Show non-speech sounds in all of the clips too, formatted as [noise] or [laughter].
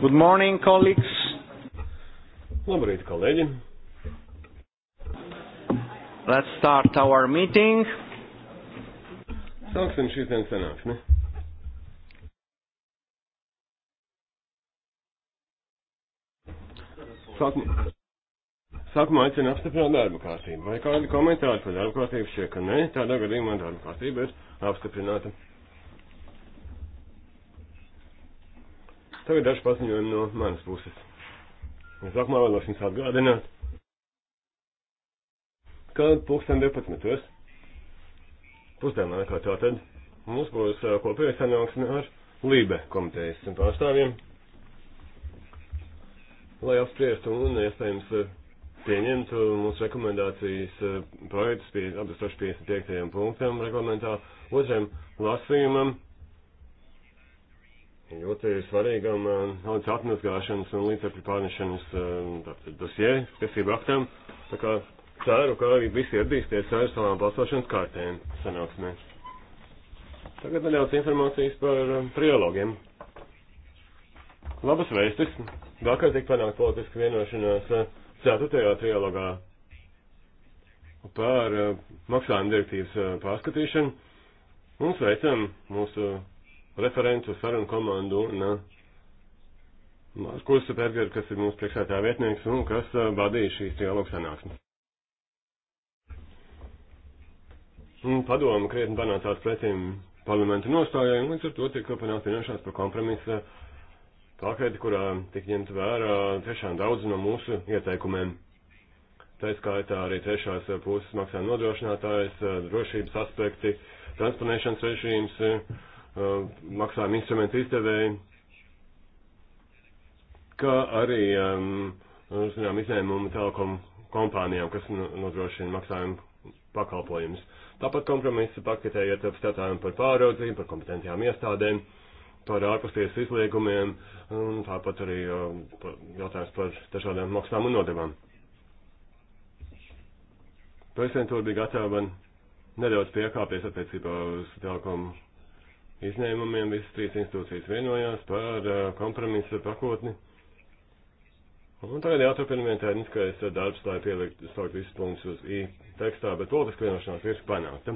Good morning, colleagues. Labrīt, kolēģi. Let's start our meeting. Sāksim šīs dienas sanāksmi. Sākumā, sākumā aicinu apstiprināt darba kārtību. Vai kādi komentāri par darba kārtību šie, ka nē, tādā gadījumā darba kārtība ir apstiprināta. Tagad daži paziņojumi no manas puses. Es sākumā vēlos jums atgādināt, ka pulksten 12. pusdienā kā tātad mums būs uh, kopēja sanāksme ar Lībe komitejas pārstāvjiem, lai apspriestu un iespējams uh, pieņemtu mūsu rekomendācijas uh, projektus pie 855. punktam reglamentā, otrajam lasījumam ļoti svarīgam eh, naudas atmazgāšanas un līdzekļu pārnešanas eh, dosjē, tiesību aktam. Tā kā ceru, ka visi iedīsties ar savām balsošanas kārtēm sanāksmē. Tagad nedaudz informācijas par eh, trilogiem. Labas vēstis. Vakar tika panākt politiska vienošanās 4. trilogā par maksājuma direktīvas pārskatīšanu. Un sveicam mūsu referentu, sarunu komandu un uh, Markusu Pērgeru, kas ir mūsu priekšētā vietnieks un kas uh, vadīja šīs trialogu sanāksmes. Padoma krietni panācās pretim parlamentu nostājai, un līdz ar to tika panākt vienošanās par kompromisa paketi, kurā tika ņemt vērā tiešām daudz no mūsu ieteikumiem. Tā skaitā arī trešās puses maksā nodrošinātājs, uh, drošības aspekti, transponēšanas režīms, Uh, maksājuma instrumentu izdevēji, kā arī um, zinām, izņēmumu telekom kompānijām, kas nodrošina maksājumu pakalpojumus. Tāpat kompromisa paketē ietver statājumu par pāraudzību, par kompetentajām iestādēm, par ārpustiesu izliegumiem, un tāpat arī um, jautājums par dažādām maksām un nodevām. Prezidentūra bija gatava nedaudz piekāpties attiecībā uz telekomu izņēmumiem visas trīs institūcijas vienojās par uh, kompromisa pakotni. Un tagad jāturpina vien tehniskais darbs, lai pielikt saukt visus punktus uz I tekstā, bet politiska vienošanās ir panākta.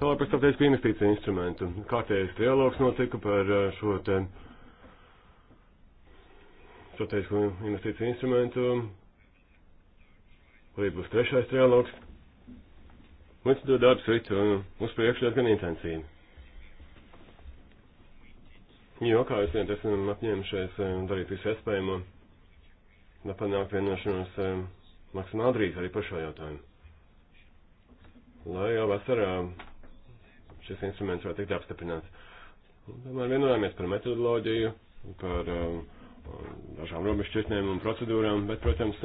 Tālāk par starptautisku investīciju instrumentu. Kārtējais dialogs notika par uh, šo te uh, strateģisko investīciju instrumentu, arī būs trešais trialogs. Mums to darbs rit uz priekšu diezgan intensīvi. Jo, kā jūs zināt, esam apņēmušies eh, darīt visu iespējamo, lai panāktu vienošanos eh, maksimāli drīz arī par šo jautājumu. Lai jau vasarā šis instruments varētu tikt apstiprināts. Tomēr vienojāmies par metodoloģiju, par um, dažām robežu četnēm un procedūrām, bet, protams,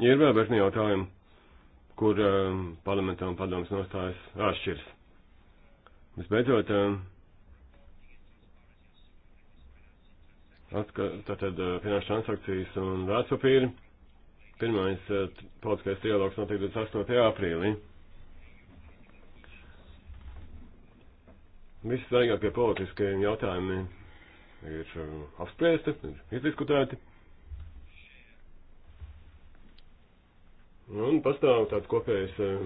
ir vēl bērni jautājumi, kur eh, parlamentā un padomas nostājas atšķiras. Visbeidzot, eh, tātad eh, finanšu transakcijas un vērtspapīri. Pirmais politiskais dialogs notiek 28. aprīlī. Vissvarīgākie politiskie jautājumi ir uh, apspriesti, ir izdiskutēti. Un pastāv tāds kopējs uh,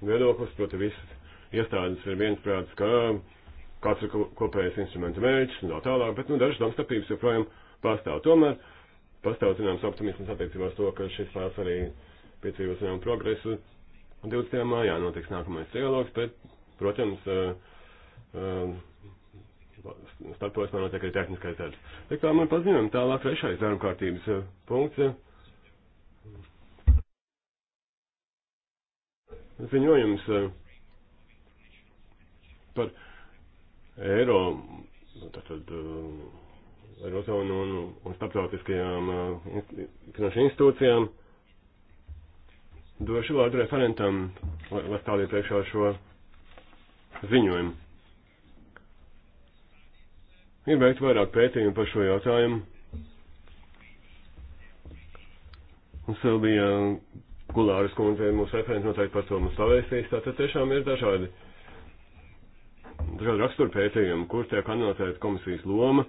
viedoklis, proti visas iestādes ir viensprāts, ka kāds ir kopējais instrumenta mērķis un tā tālāk, bet nu, dažas domstarpības joprojām pastāv. Tomēr pastāv zināms optimisms attiecībā uz to, ka šis pārs arī piedzīvos zināmu progresu. 20. mājā notiks nākamais dialogs, bet, protams, uh, um, ehm, starp posmā notiek arī tehniskais darbs. Tā kā man paziņojam, tālāk trešais darba kārtības uh, punkts. Eh. Ziņojums uh, par eiro, tātad uh, eirozonu un, un starptautiskajām finanšu institūcijām. Došu vārdu referentam, lai stādītu priekšā šo ziņojumu. Ir veikt vairāk pētījumu par šo jautājumu. Un Silvija Gulāras kundze mūsu referents noteikti par to mums pavēstīs. Tātad tiešām ir dažādi, dažādi rakstura pētījumi, kur tiek analizēta komisijas loma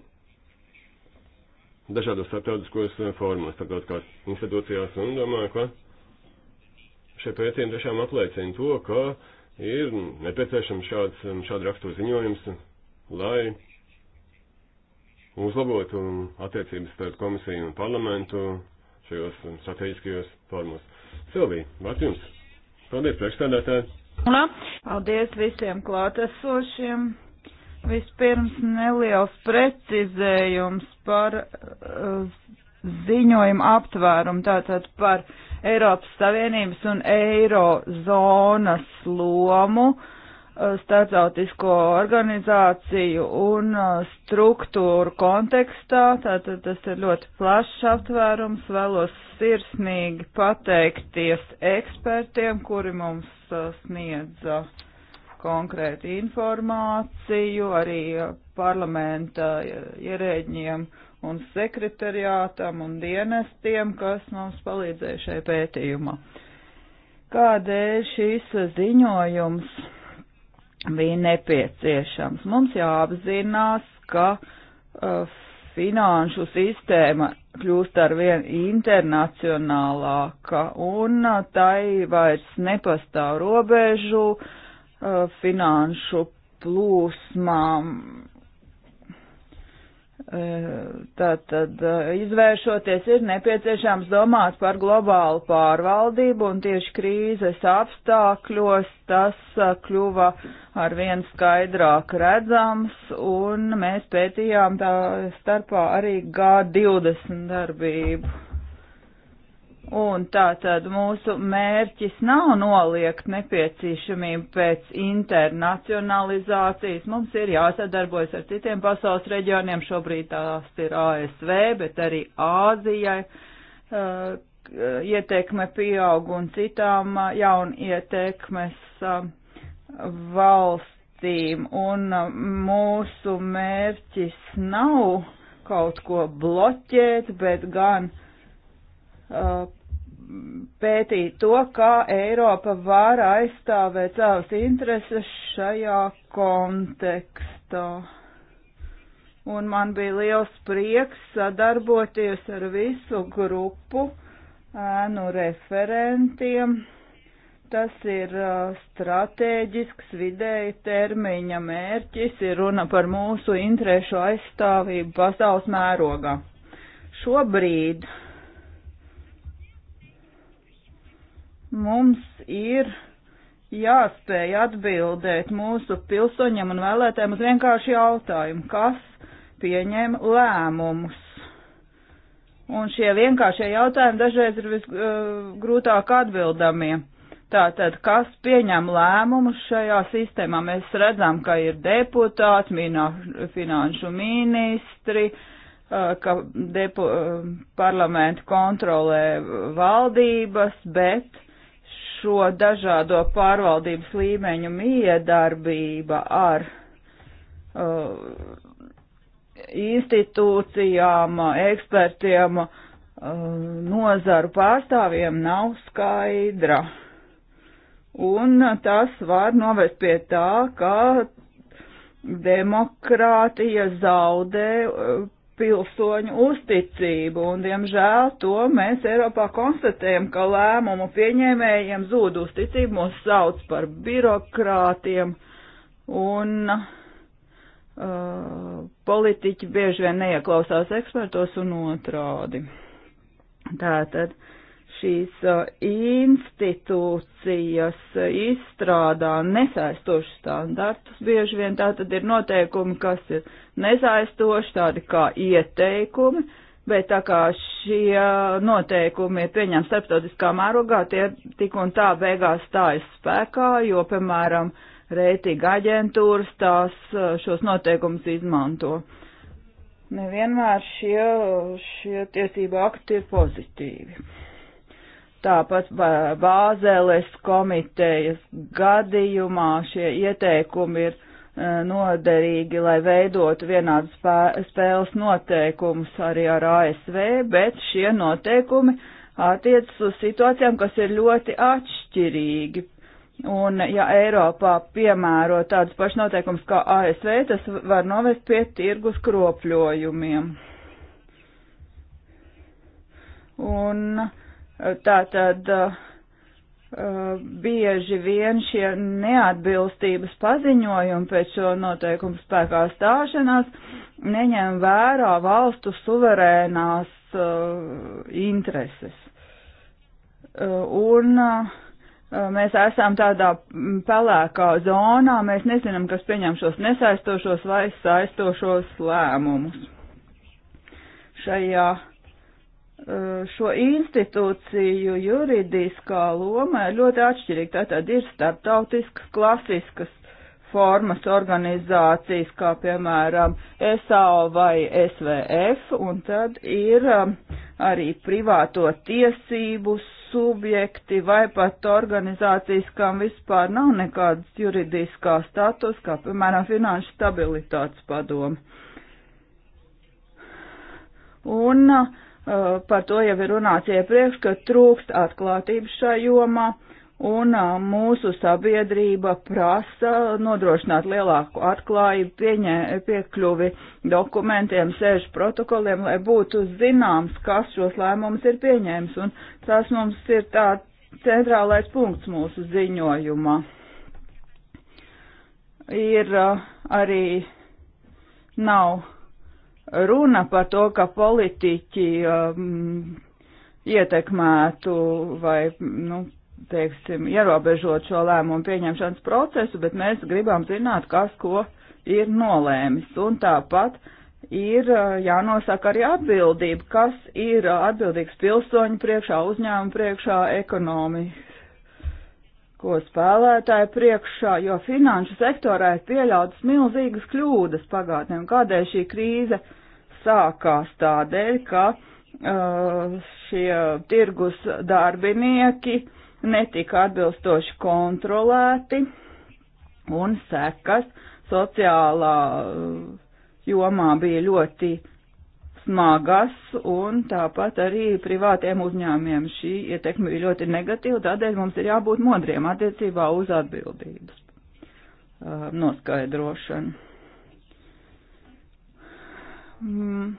dažādos starptautiskos eh, formos, starptautiskās institūcijās un domāju, ka šie pētījumi tiešām apliecina to, ka ir nepieciešams šāds, šāda rakstura ziņojums, lai uzlabotu attiecības starp komisiju un parlamentu šajos strateģiskajos formos. Silvija, vārds jums. Paldies, priekšstādātāji. Paldies visiem klātesošiem. Vispirms neliels precizējums par uh, ziņojumu aptvērumu, tātad par Eiropas Savienības un Eirozonas lomu. Uh, Uh, starptautisko organizāciju un uh, struktūru kontekstā. Tātad tas ir ļoti plašs aptvērums. Vēlos sirsnīgi pateikties ekspertiem, kuri mums uh, sniedza konkrētu informāciju, arī parlamenta ierēģiem un sekretariātam un dienestiem, kas mums palīdzēja šai pētījumā. Kādēļ šīs ziņojums bija nepieciešams. Mums jāapzinās, ka uh, finanšu sistēma kļūst ar vien internacionālāka un uh, tai vairs nepastāv robežu uh, finanšu plūsmām Tātad, eh, izvēršoties, ir nepieciešams domāt par globālu pārvaldību, un tieši krīzes apstākļos tas eh, kļuva ar vien skaidrāk redzams, un mēs pētījām tā starpā arī G20 darbību. Un tātad mūsu mērķis nav noliegt nepieciešamību pēc internacionalizācijas. Mums ir jāsadarbojas ar citiem pasaules reģioniem, šobrīd tās ir ASV, bet arī Āzijai uh, ietekme pieaug un citām uh, jaun ietekmes uh, valstīm. Un uh, mūsu mērķis nav kaut ko bloķēt, bet gan uh, Uh, pētīt to, kā Eiropa var aizstāvēt savas intereses šajā kontekstā. Un man bija liels prieks sadarboties ar visu grupu ēnu referentiem. Tas ir uh, stratēģisks vidēji termiņa mērķis, ir runa par mūsu interešu aizstāvību pasaules mērogā. Šobrīd Mums ir jāspēj atbildēt mūsu pilsoņiem un vēlētēm uz vienkāršu jautājumu, kas pieņem lēmumus. Un šie vienkāršie jautājumi dažreiz ir visgrūtāk uh, atbildamie. Tātad, kas pieņem lēmumus šajā sistēmā? Mēs redzam, ka ir deputāti, minā, finanšu ministri, uh, ka depu, uh, parlamentu kontrolē valdības, bet šo dažādo pārvaldības līmeņu miedarbība ar uh, institūcijām, ekspertiem, uh, nozaru pārstāvjiem nav skaidra. Un tas var novest pie tā, ka demokrātija zaudē uh, pilsoņu uzticību, un, diemžēl, to mēs Eiropā konstatējam, ka lēmumu pieņēmējiem zūd uzticību, mūs sauc par birokrātiem, un uh, politiķi bieži vien neieklausās ekspertos un otrādi. Tātad šīs uh, institūcijas izstrādā nesaistošus standartus. Bieži vien tā tad ir noteikumi, kas ir nesaistoši, tādi kā ieteikumi, bet tā kā šie noteikumi ir pieņemti starptautiskā mērogā, tie tik un tā beigās stājas spēkā, jo, piemēram, reitinga aģentūras tās uh, šos noteikumus izmanto. Nevienmēr šie, šie tiesību akti ir pozitīvi. Tāpat Bāzeles komitejas gadījumā šie ieteikumi ir e, noderīgi, lai veidotu vienādas spēles noteikumus arī ar ASV, bet šie noteikumi attiecas uz situācijām, kas ir ļoti atšķirīgi. Un ja Eiropā piemēro tādus pašus noteikumus kā ASV, tas var novest pie tirgus kropļojumiem. Un uh, Tātad uh, bieži vien šie neatbilstības paziņojumi pēc šo noteikumu spēkā stāšanās neņem vērā valstu suverēnās uh, intereses. Uh, un mēs esam tādā pelēkā zonā, mēs nezinām, kas pieņem šos nesaistošos vai saistošos lēmumus. Šajā uh, Eh, šo institūciju juridiskā loma ir ļoti atšķirīga. Tātad ir starptautiskas klasiskas formas organizācijas, kā piemēram SAO vai SVF, un tad ir eh, arī privāto tiesību subjekti vai pat organizācijas, kam vispār nav nekādas juridiskā status, kā piemēram Finanšu stabilitātes padoma. Un uh, Eh, par to jau ir runāts iepriekš, ka trūkst atklātības šajā jomā un eh, mūsu sabiedrība prasa nodrošināt lielāku atklājību, pieņē, piekļuvi dokumentiem, sēžu protokoliem, lai būtu zināms, kas šos lēmumus ir pieņēmis. Un tas mums ir tā centrālais punkts mūsu ziņojumā. Ir eh, arī nav runa par to, ka politiķi um, ietekmētu vai, nu, teiksim, ierobežot šo lēmumu pieņemšanas procesu, bet mēs gribam zināt, kas ko ir nolēmis. Un tāpat ir uh, jānosaka arī atbildība, kas ir atbildīgs pilsoņu priekšā, uzņēmumu priekšā, ekonomiski ko spēlētāju priekšā, jo finanšu sektorā ir pieļautas milzīgas kļūdas pagātnē. Kādēļ šī krīze sākās? Tādēļ, ka uh, šie tirgus darbinieki netika atbilstoši kontrolēti un sekas sociālā uh, jomā bija ļoti uh, smagas, un tāpat arī privātiem uzņēmiem šī ietekme bija ļoti negatīva, tādēļ mums ir jābūt modriem attiecībā uz atbildības uh, noskaidrošanu. Mm,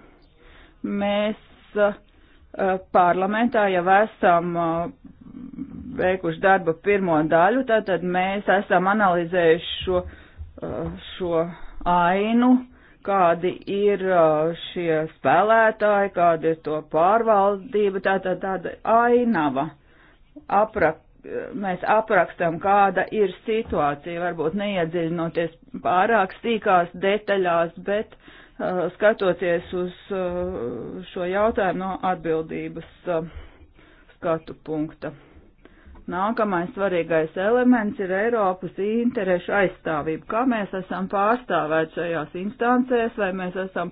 mēs uh, parlamentā jau esam uh, veikuši darba pirmo daļu, tātad mēs esam analizējuši šo, uh, šo ainu kādi ir šie spēlētāji, kāda ir to pārvaldība, tā tā tāda ainava. Aprak, mēs aprakstam, kāda ir situācija, varbūt neiedziļinoties pārāk sīkās detaļās, bet uh, skatoties uz uh, šo jautājumu no atbildības uh, skatu punkta. Nākamais svarīgais elements ir Eiropas interešu aizstāvība. Kā mēs esam pārstāvēti šajās instancēs, vai mēs esam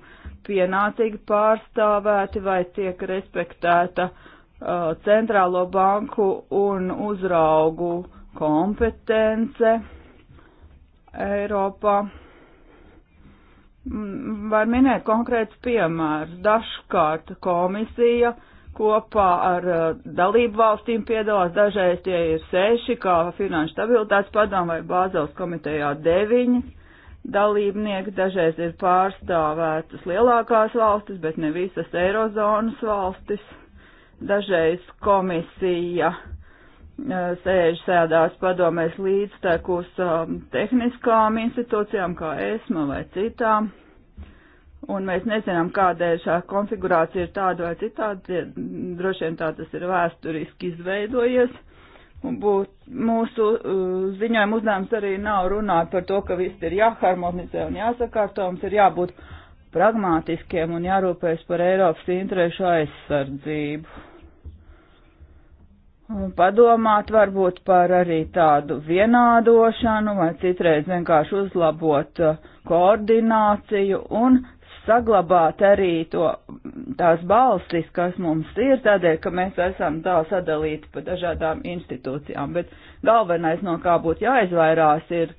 pienācīgi pārstāvēti, vai tiek respektēta uh, centrālo banku un uzraugu kompetence Eiropā. Mm, var minēt konkrēts piemērs. Dažkārt komisija uh, kopā ar uh, dalību valstīm piedalās, dažreiz tie ir seši, kā Finanšu stabilitātes padām vai Bāzels komitejā deviņi dalībnieki, dažreiz ir pārstāvētas lielākās valstis, bet ne visas Eirozonas valstis, dažreiz komisija uh, sēž sēdās padomēs līdztekus um, tehniskām institūcijām kā ESMA vai citām un mēs nezinām, kādēļ šā konfigurācija ir tāda vai citāda, droši vien tā tas ir vēsturiski izveidojies. Un būt, mūsu uh, ziņojuma uzdevums arī nav runāt par to, ka viss ir jāharmonizē un jāsakārto, mums ir jābūt pragmātiskiem un jārūpējas par Eiropas interešu aizsardzību. Un padomāt varbūt par arī tādu vienādošanu vai citreiz vienkārši uzlabot uh, koordināciju un saglabāt arī to, tās balsis, kas mums ir, tādēļ, ka mēs esam tā sadalīti pa dažādām institūcijām. Bet galvenais, no kā būtu jāizvairās, ir,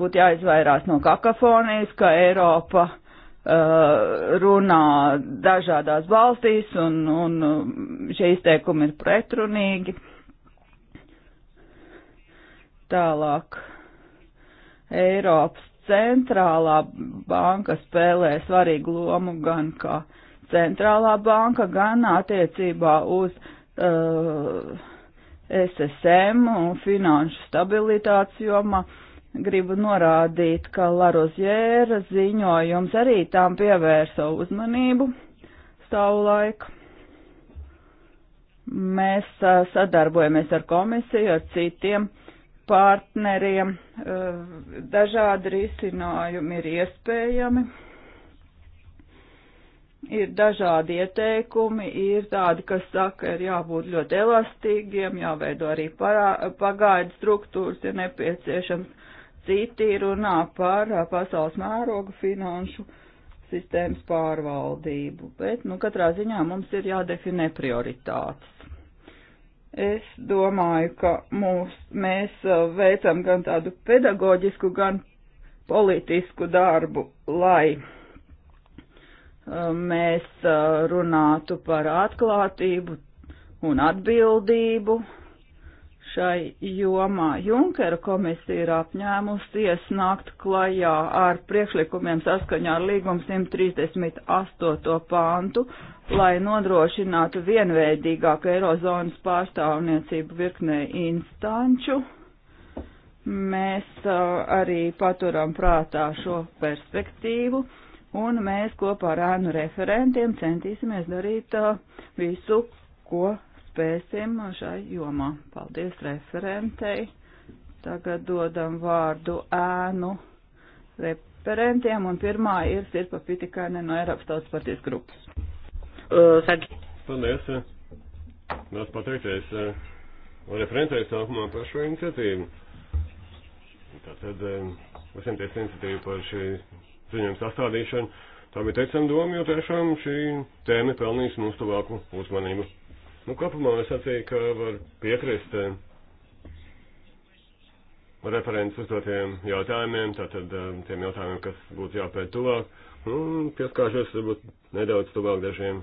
būtu jāizvairās no kakofonijas, ka Eiropa uh, runā dažādās valstīs un, un um, šie izteikumi ir pretrunīgi. Tālāk. Eiropas centrālā banka spēlē svarīgu lomu gan kā centrālā banka, gan attiecībā uz uh, SSM un finanšu stabilitātes jomā. Gribu norādīt, ka Larozjēra ziņojums arī tām pievērsa uzmanību savulaik. Mēs uh, sadarbojamies ar komisiju, ar citiem partneriem. Eh, dažādi risinājumi ir iespējami. Ir dažādi ieteikumi, ir tādi, kas saka, ir jābūt ļoti elastīgiem, jāveido arī parā, pagaidu struktūras, ja nepieciešams. Citi runā par eh, pasaules mēroga finanšu sistēmas pārvaldību, bet, nu, katrā ziņā mums ir jādefinē prioritātes. Es domāju, ka mūs, mēs uh, veicam gan tādu pedagoģisku, gan politisku darbu, lai uh, mēs uh, runātu par atklātību un atbildību šai jomā. Junkera komisija ir apņēmusies nākt klajā ar priekšlikumiem saskaņā ar līgumu 138. pāntu lai nodrošinātu vienveidīgāku Eirozonas pārstāvniecību virknē instanču. Mēs uh, arī paturam prātā šo perspektīvu un mēs kopā ar ēnu referentiem centīsimies darīt uh, visu, ko spēsim šai jomā. Paldies referentei. Tagad dodam vārdu ēnu referentiem, un pirmā ir Sirpa Pitikainen no Eiropas Tautas partijas grupas uh, Sagi. Paldies. Mēs pateikties uh, referentēju sākumā par šo iniciatīvu. Tātad uh, visiem ties iniciatīvu par šī ziņojuma sastādīšanu. Tā bija teicama doma, jo tiešām šī tēma pelnīs mūsu tuvāku uzmanību. Nu, kopumā es atceju, ka var piekrist uh, referents uzdotiem jautājumiem, tātad um, tiem jautājumiem, kas būtu jāpēt tuvāk. Un pieskāršos varbūt nedaudz tuvāk dažiem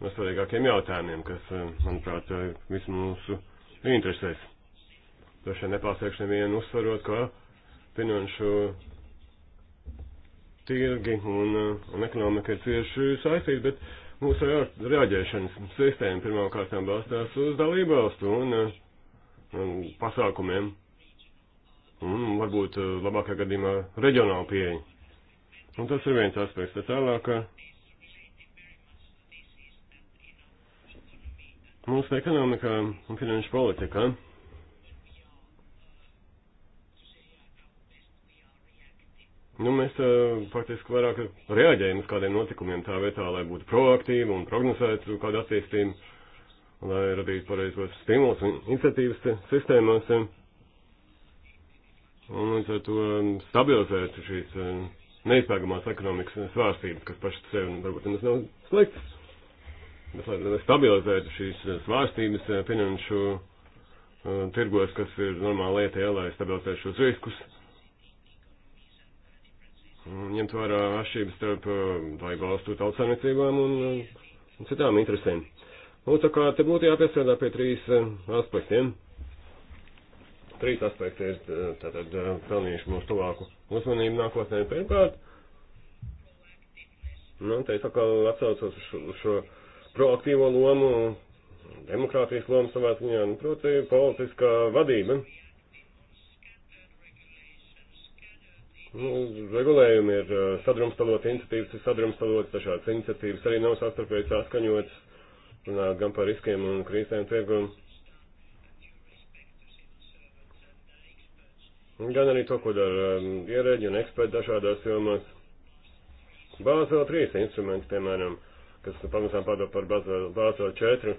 no svarīgākiem jautājumiem, kas, eh, manuprāt, eh, visu mūsu interesēs. Droši vien nepārsteigšu nevienu uzsvarot, ka finanšu tirgi un, eh, un ekonomika ir cieši saistīti, bet mūsu reaģēšanas sistēma pirmkārt balstās uz dalībvalstu un, un pasākumiem un varbūt labākajā gadījumā reģionāla pieeja. Un tas ir viens aspekts. Tad tālāk mūsu ekonomikā un finanšu politikā. Nu, mēs uh, faktiski vairāk reaģējam uz kādiem notikumiem tā vietā, lai būtu proaktīvi un prognozētu kādu attīstību, lai radītu pareizos stimulus un iniciatīvas te, sistēmās. Un līdz ar to stabilizētu šīs uh, neizpēgamās ekonomikas svārstības, kas pašas sev varbūt nemaz nav sliktas. Bet, lai stabilizētu šīs eh, svārstības eh, finanšu eh, tirgos, kas ir normāla lieta, ja, lai stabilizētu šos riskus, ņemt vērā atšķirības starp dalību valstu tautsāniecībām un, un citām interesēm. Un tā kā te būtu jāpiesēdā pie trīs aspektiem. Trīs aspekti ir tātad pelnījuši mūsu tuvāku uzmanību nākotnē. Pirmkārt, nu, te tā kā atsaucos uz šo, uz šo proaktīvo lomu, demokrātijas lomu savā ziņā, nu, proti, politiskā vadība. Nu, regulējumi ir sadrumstalots iniciatīvas, ir sadrumstalots dažādas iniciatīvas, arī nav sastarpēji saskaņots, runāt gan par riskiem un krīzēm tirgumu. Gan arī to, ko dara ierēģi un eksperti dažādās jomās. Bāzela 3 instruments, piemēram, kas pamazām pārdo par bāzo 4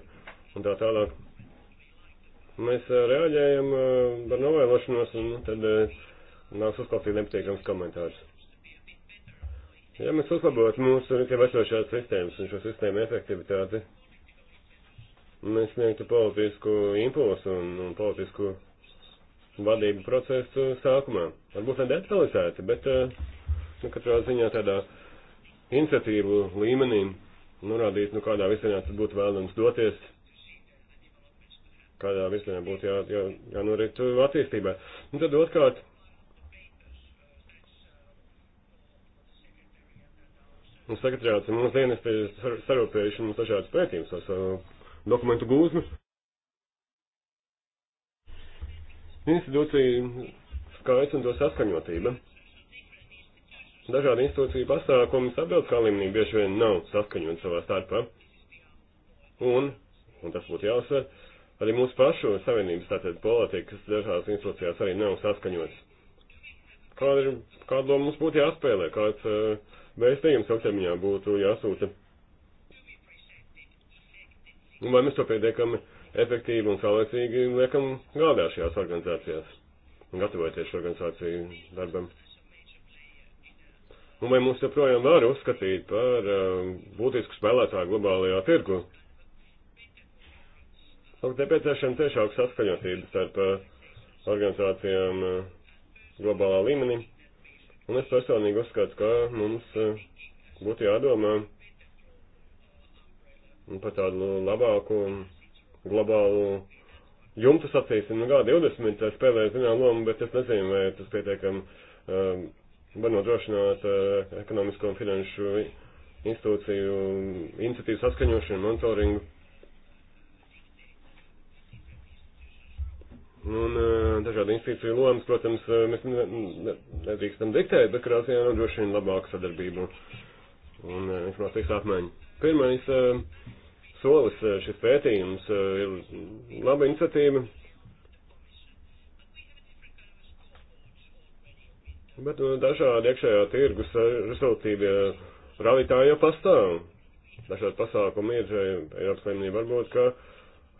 un tā tālāk. Mēs reaģējam ar novēlošanos un tad nāks uzklausīt nepatīkams komentārs. Ja mēs uzlabotu mūsu jau nu, esošās sistēmas un šo sistēmu efektivitāti, mēs sniegtu politisku impulsu un, un politisku vadību procesu sākumā. Varbūt ne detalizēti, bet nu, katrā ziņā tādā iniciatīvu līmenī norādīt, nu kādā virzienā tad būtu vēlams doties, kādā virzienā būtu jā, jā, jānorit attīstībai. Un nu, tad otrkārt, un sekretariāts mums dienas ir sarūpējuši mums dažādas pētījumus ar savu dokumentu gūzmu. Institūcija skaits un to saskaņotība dažādu institūciju pasākumi sabiedriskā līmenī bieži vien nav saskaņot savā starpā. Un, un tas būtu jāuzsver, arī mūsu pašu savienības tātad politikas dažādās institūcijās arī nav saskaņotas. Kāda, ir, kāda loma mums būtu jāspēlē, kāds uh, vēstījums ilgtermiņā būtu jāsūta? Un vai mēs to pietiekami efektīvi un saulēcīgi liekam galdā šajās organizācijās un gatavoties organizāciju darbam? Un nu, vai mums joprojām var uzskatīt par uh, būtisku spēlētāju globālajā tirgu? Lūk, nepieciešama tiešāka saskaņotība starp uh, organizācijām uh, globālā līmenī. Un es personīgi uzskatu, ka mums uh, būtu jādomā par tādu labāku globālu jumtu sacīsim, nu kā 20 spēlē zinām lomu, bet es nezinu, vai tas pietiekam um, var nodrošināt uh, ekonomisko un finanšu institūciju iniciatīvu saskaņošanu, monitoringu. Un uh, eh, dažādi institūciju lomas, protams, eh, mēs ne, ne, nedrīkstam diktēt, bet kurās jānodrošina labāku sadarbību un uh, informācijas apmaiņu. Pirmais uh, solis, uh, šis pētījums, uh, ir laba iniciatīva, Bet nu, dažādi iekšējā tirgus rezultīvie rādītāji jau pastāv. Dažādi pasākumi ir, Eiropas līmenī varbūt, ka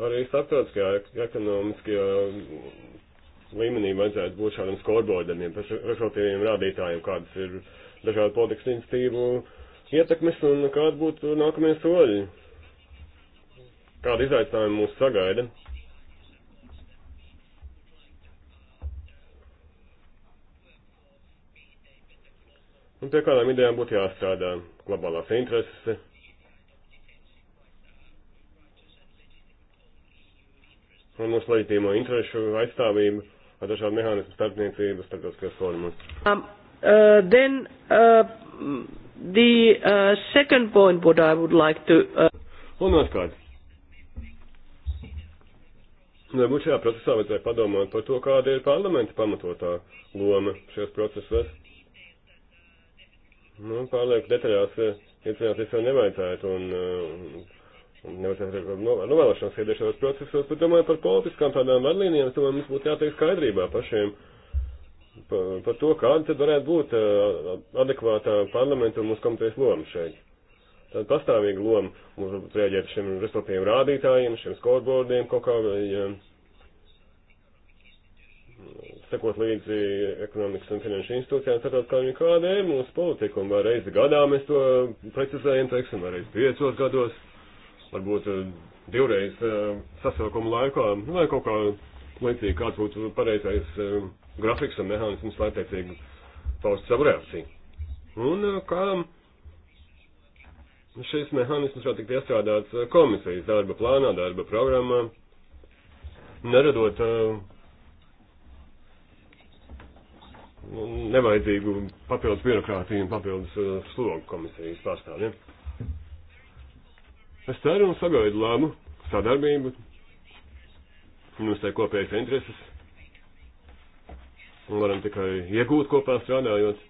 arī starptautiskajā ekonomiskajā līmenī vajadzētu būt šādiem skorboideniem, rezultīviem rādītājiem, kādas ir dažādu politikas institīvu ietekmes un kāda būtu nākamie soļi. Kāda izaicinājuma mūs sagaida? Un pie kādām idejām būtu jāstrādā globālās intereses. Un mūsu leģitīmo interesu aizstāvību ar dažādu mehānismu starpniecību starptautiskajos formos. Um, uh, then uh, the uh, second point what I would like to. Uh... Un otrkārt. Varbūt šajā procesā vajadzēja padomāt par to, kāda ir parlamenta pamatotā loma šajos procesos. Nu, pārlieku detaļās iecināties jau nevajadzētu, un, eh, un nevajadzētu ar no, novēlošanos iedēšanos procesos, bet domāju par politiskām tādām vadlīnijām, tomēr mums būtu jātiek skaidrībā pašiem par, par to, kāda tad varētu būt eh, adekvātā parlamenta un mūsu komitejas loma šeit. Tāda pastāvīga loma mums varbūt rēģēt šiem respektīviem rādītājiem, šiem scoreboardiem kaut kā vai. Ja, eh, sekot līdzi ekonomikas un finanšu institūcijām, tātad kā viņi kādē mūsu politiku, un reizi gadā mēs to precizējam, teiksim, reiz piecos gados, varbūt eh, divreiz eh, sasaukuma laikā, vai nu, kaut kā līdzīgi, kāds būtu pareizais eh, grafiks un mehānisms, lai teicīgi paust savu reakciju. Un kā šis mehānisms var tikt iestrādāts komisijas darba plānā, darba programmā, neradot uh, nevajadzīgu papildus birokrātiju un papildus uh, slogu komisijas pārstāvjiem. Es ceru un sagaidu labu sadarbību. Mums ir kopējas intereses. Un varam tikai iegūt kopā strādājot.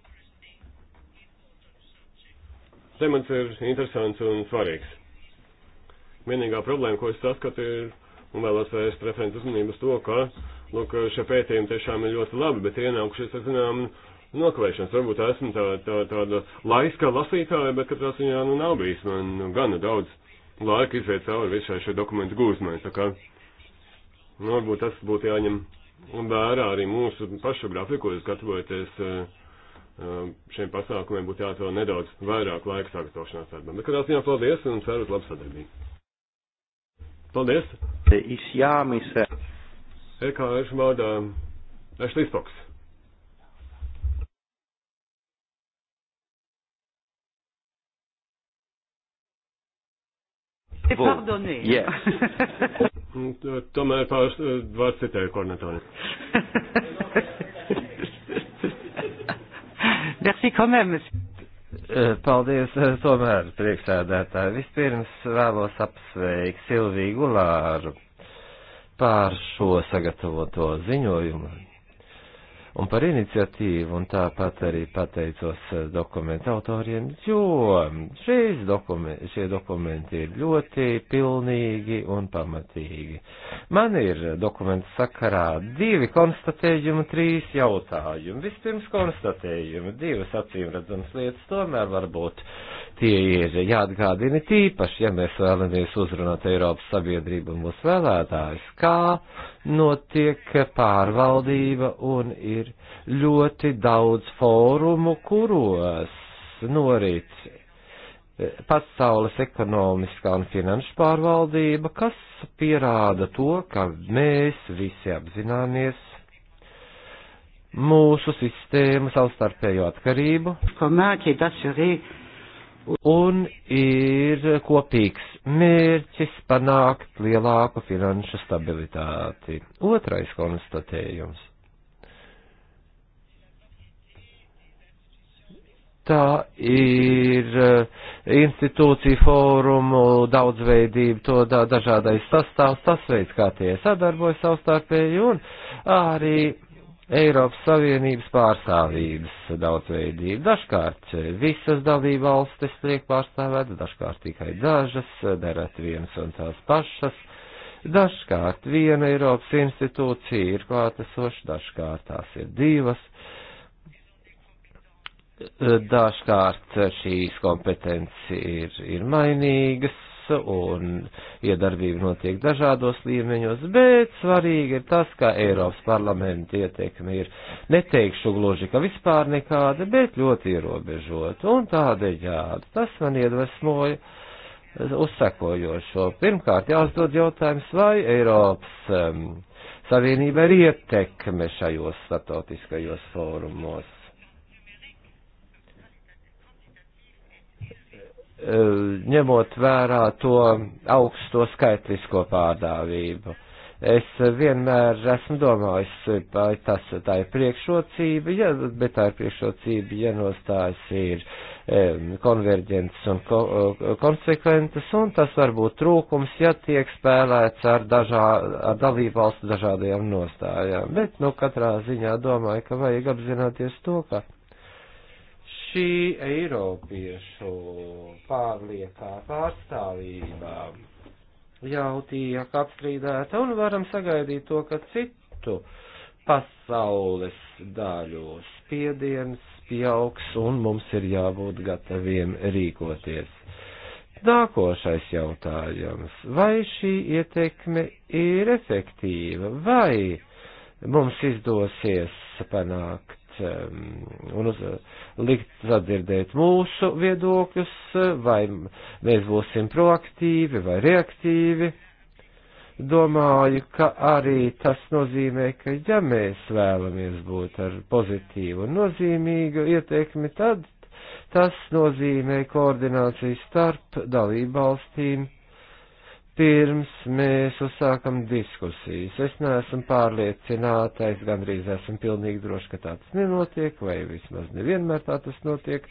Temats ir interesants un svarīgs. Vienīgā problēma, ko es saskatu, ir, un vēlos vērst referents uzmanību uz to, ka, lūk, šie pētījumi tiešām ir ļoti labi, bet ienākušies, zinām, nokavēšanas. Varbūt esmu tā, tā, tāda laiska lasītāja, bet katrā ziņā nu, nav bijis man gana daudz laika iziet cauri visai šai dokumentu gūzmai. Tā kā nu, varbūt tas būtu jāņem vērā arī mūsu pašu grafikos gatavoties. Eh, eh, šiem pasākumiem būtu jāatvēl nedaudz vairāk laika sagatavošanās darbam. Bet katrā ziņā paldies un ceru uz labu sadarbību. Paldies! Isjāmise. EKR vārdā Ešlīs Foks. Pardonē. Yeah. [laughs] Tomēr pāris eh, vārds citēju koordinatoriem. [laughs] Merci quand même. Eh, paldies, eh, tomēr, priekšsēdētāji. Vispirms vēlos apsveikt Silviju Gulāru pār šo sagatavoto ziņojumu un par iniciatīvu, un tāpat arī pateicos eh, dokumentu autoriem, jo dokumenti, šie dokumenti ir ļoti pilnīgi un pamatīgi. Man ir dokumentu sakarā divi konstatējumi, trīs jautājumi. Vispirms konstatējumi, divas acīmredzamas lietas, tomēr varbūt tie ir jāatgādina tīpaši, ja mēs vēlamies uzrunāt Eiropas sabiedrību un mūsu vēlētājus, kā notiek pārvaldība un ir ļoti daudz fórumu, kuros norit pasaules ekonomiskā un finanšu pārvaldība, kas pierāda to, ka mēs visi apzināmies mūsu sistēmu savstarpējo atkarību. Un ir kopīgs mērķis panākt lielāku finanšu stabilitāti. Otrais konstatējums. Tā ir eh, institūcija fórumu daudzveidība, to dažādais sastāvs, tas veids, kā tie sadarbojas savstarpēji un arī Eiropas Savienības pārstāvības daudzveidību. Dažkārt visas dalība valstis tiek pārstāvētas, dažkārt tikai dažas, derēt vienas un tās pašas. Dažkārt viena Eiropas institūcija ir klātesoša, dažkārt tās ir divas. Dažkārt šīs kompetences ir, ir mainīgas, un iedarbība notiek dažādos līmeņos, bet svarīgi ir tas, ka Eiropas parlamenta ietekme ir neteikšu gluži, ka vispār nekāda, bet ļoti ierobežota, un tādējādi tas man iedvesmoja uzsakojošo. Pirmkārt, jāuzdod jautājums, vai Eiropas um, Savienība ir ietekme šajos statotiskajos fórumos. E, ņemot vērā to augsto skaitlisko pārdāvību. Es vienmēr esmu domājis, vai tas tā ir priekšrocība, ja, bet tā ir priekšrocība, ja nostājas ir um, konverģents un ko, e, konsekventas, un tas var būt trūkums, ja tiek spēlēts ar, dažā, ar dalību valstu dažādajām nostājām. Bet, nu, katrā ziņā domāju, ka vajag apzināties to, ka šī Eiropiešu pārliekā pārstāvība jau tiek apstrīdēta un varam sagaidīt to, ka citu pasaules daļu spiediens pieaugs un mums ir jābūt gataviem rīkoties. Nākošais jautājums. Vai šī ietekme ir efektīva? Vai mums izdosies panākt Um, un uz, likt sadzirdēt mūsu viedokļus, vai mēs būsim proaktīvi vai reaktīvi. Domāju, ka arī tas nozīmē, ka ja mēs vēlamies būt ar pozitīvu un nozīmīgu ieteikmi, tad tas nozīmē koordināciju starp dalību valstīm pirms mēs uzsākam diskusijas. Es neesmu pārliecināta, es gandrīz esmu pilnīgi droši, ka tā tas nenotiek, vai vismaz nevienmēr tā tas notiek.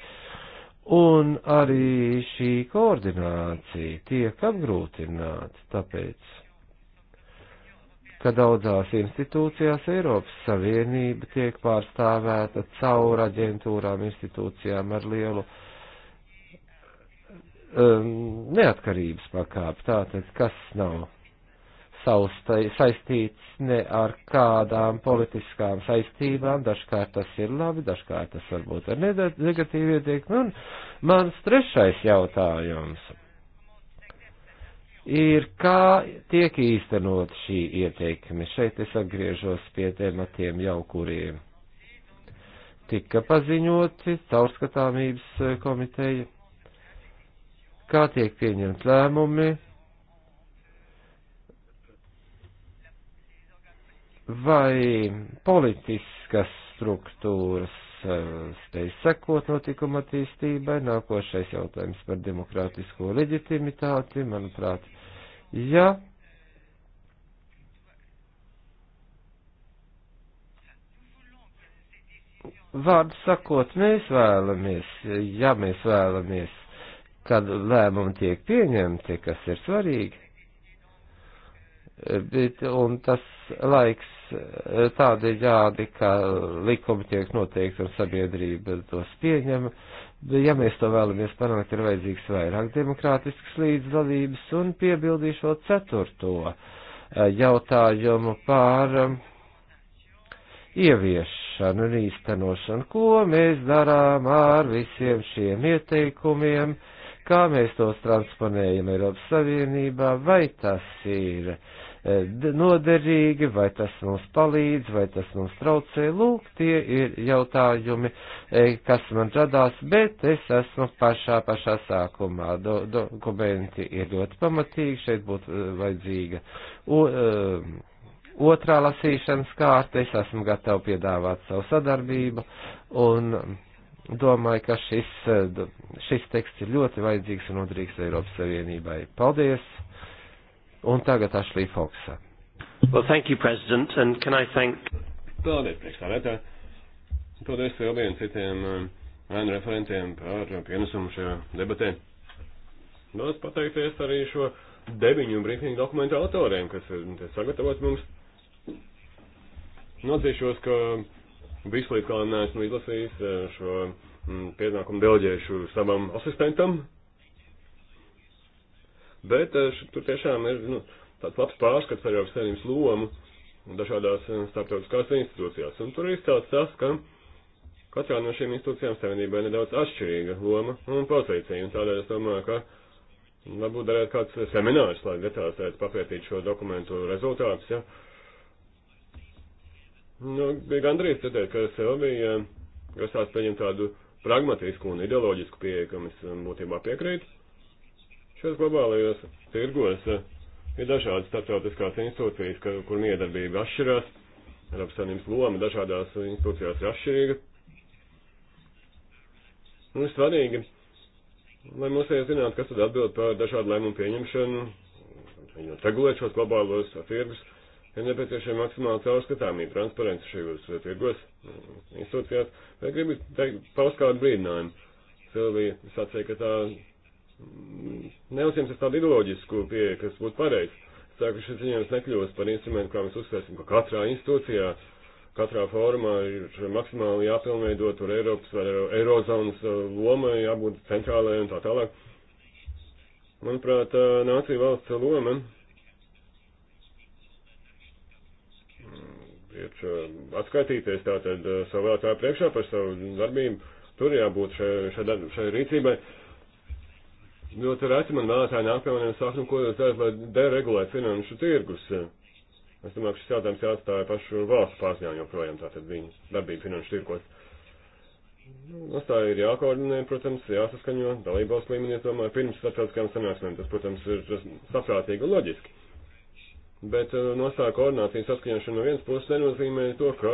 Un arī šī koordinācija tiek apgrūtināta, tāpēc, ka daudzās institūcijās Eiropas Savienība tiek pārstāvēta caur aģentūrām, institūcijām ar lielu uh, um, neatkarības pakāpe, tātad kas nav saustai, saistīts ne ar kādām politiskām saistībām, dažkārt tas ir labi, dažkārt tas varbūt ar negatīvu ietekmi. Un mans trešais jautājums ir, kā tiek īstenot šī ieteikme. Šeit es atgriežos pie tematiem jau kuriem tika paziņoti caurskatāmības eh, komiteja kā tiek pieņemt lēmumi, vai politiskas struktūras eh, spēj sekot notikuma attīstībai, nākošais jautājums par demokrātisko leģitimitāti, manuprāt, ja vārdu sakot, mēs vēlamies, ja mēs vēlamies kad lēmumi tiek pieņemti, kas ir svarīgi, bet, un tas laiks tādējādi, ka likumi tiek noteikti un sabiedrība tos pieņem, ja mēs to vēlamies panākt, ir vajadzīgs vairāk demokrātiskas līdzdalības un piebildīšo ceturto eh, jautājumu par eh, ieviešanu un īstenošanu, ko mēs darām ar visiem šiem ieteikumiem, uh, kā mēs tos transponējam Eiropas Savienībā, vai tas ir e, noderīgi, vai tas mums palīdz, vai tas mums traucē. Lūk, tie ir jautājumi, e, kas man radās, bet es esmu pašā, pašā sākumā. Do, dokumenti ir ļoti pamatīgi, šeit būtu e, vajadzīga. U, um, Otrā lasīšanas kārta, es esmu gatava piedāvāt savu sadarbību, un domāju, ka šis, eh, šis teksts ir ļoti vajadzīgs un noderīgs Eiropas Savienībai. Paldies! Un tagad Ašlī Foksa. Well, thank you, President, and can I thank... Paldies, priekšstādētā. Paldies Silvija un citiem um, ēnu referentiem par pienesumu šajā debatē. Daudz pateikties arī šo deviņu brīfingu dokumentu autoriem, kas ir sagatavots mums. Nodzīšos, ka Visu līdz kā neesmu izlasījis eh, šo mm, pienākumu deleģēšu savam asistentam. Bet eh, š, tur tiešām ir nu, tāds labs pārskats par Eiropas Savienības lomu dažādās eh, starptautiskās institūcijās. Un tur ir izcelts tas, ka katrā no šīm institūcijām savienībai nedaudz atšķirīga loma un pozīcija. Un tādēļ es domāju, ka varbūt darēt kāds seminārs, lai detalizētu papētīt šo dokumentu rezultātus. Ja? Nu, bija gandrīz tādēļ, ka Silvija grasās pieņemt tādu pragmatisku un ideoloģisku pieeju, kam es um, būtībā piekrītu. Šajos globālajos tirgos uh, ir dažādas starptautiskās institūcijas, ka, kur miedarbība atšķirās, Eiropas Savienības loma dažādās institūcijās ir atšķirīga. Un ir svarīgi, lai mums ir zinātu, kas tad atbild par dažādu lēmumu pieņemšanu, viņu regulēt šos globālos tirgus ir nepieciešama maksimāla caurskatāmība, transparents šajos eh, tirgos eh, institūcijās, vai gribu teikt, paust kādu brīdinājumu. Silvija sacīja, ka tā mm, neuzņemsies tādu ideoloģisku pieeju, kas būtu pareizi. Tā ka šis ziņojums nekļūst par instrumentu, kā mēs uzsvērsim, ka katrā institūcijā, katrā fórumā ir maksimāli jāpilnveido tur Eiropas vai Eirozonas eh, loma, jābūt centrālajai un tā tālāk. Manuprāt, nācija valsts loma ir uh, atskaitīties tātad uh, savu vēlētāju priekšā par savu darbību. Tur jābūt šai, šai, darb, šai rīcībai. Ļoti reti man vēlētāji nāk pie maniem un saka, nu, ko jūs darat, lai deregulētu finanšu tirgus. Es domāju, ka šis jautājums jāatstāja pašu valstu pārziņām joprojām, tātad viņu darbību finanšu tirgos. Nu, tā ir jākoordinē, protams, jāsaskaņo dalībvalsts līmenī, tomēr pirms starptautiskām sanāksmēm tas, protams, ir saprātīgi un loģiski bet eh, nostāja koordinācijas saskaņošana no vienas puses nenozīmē to, ka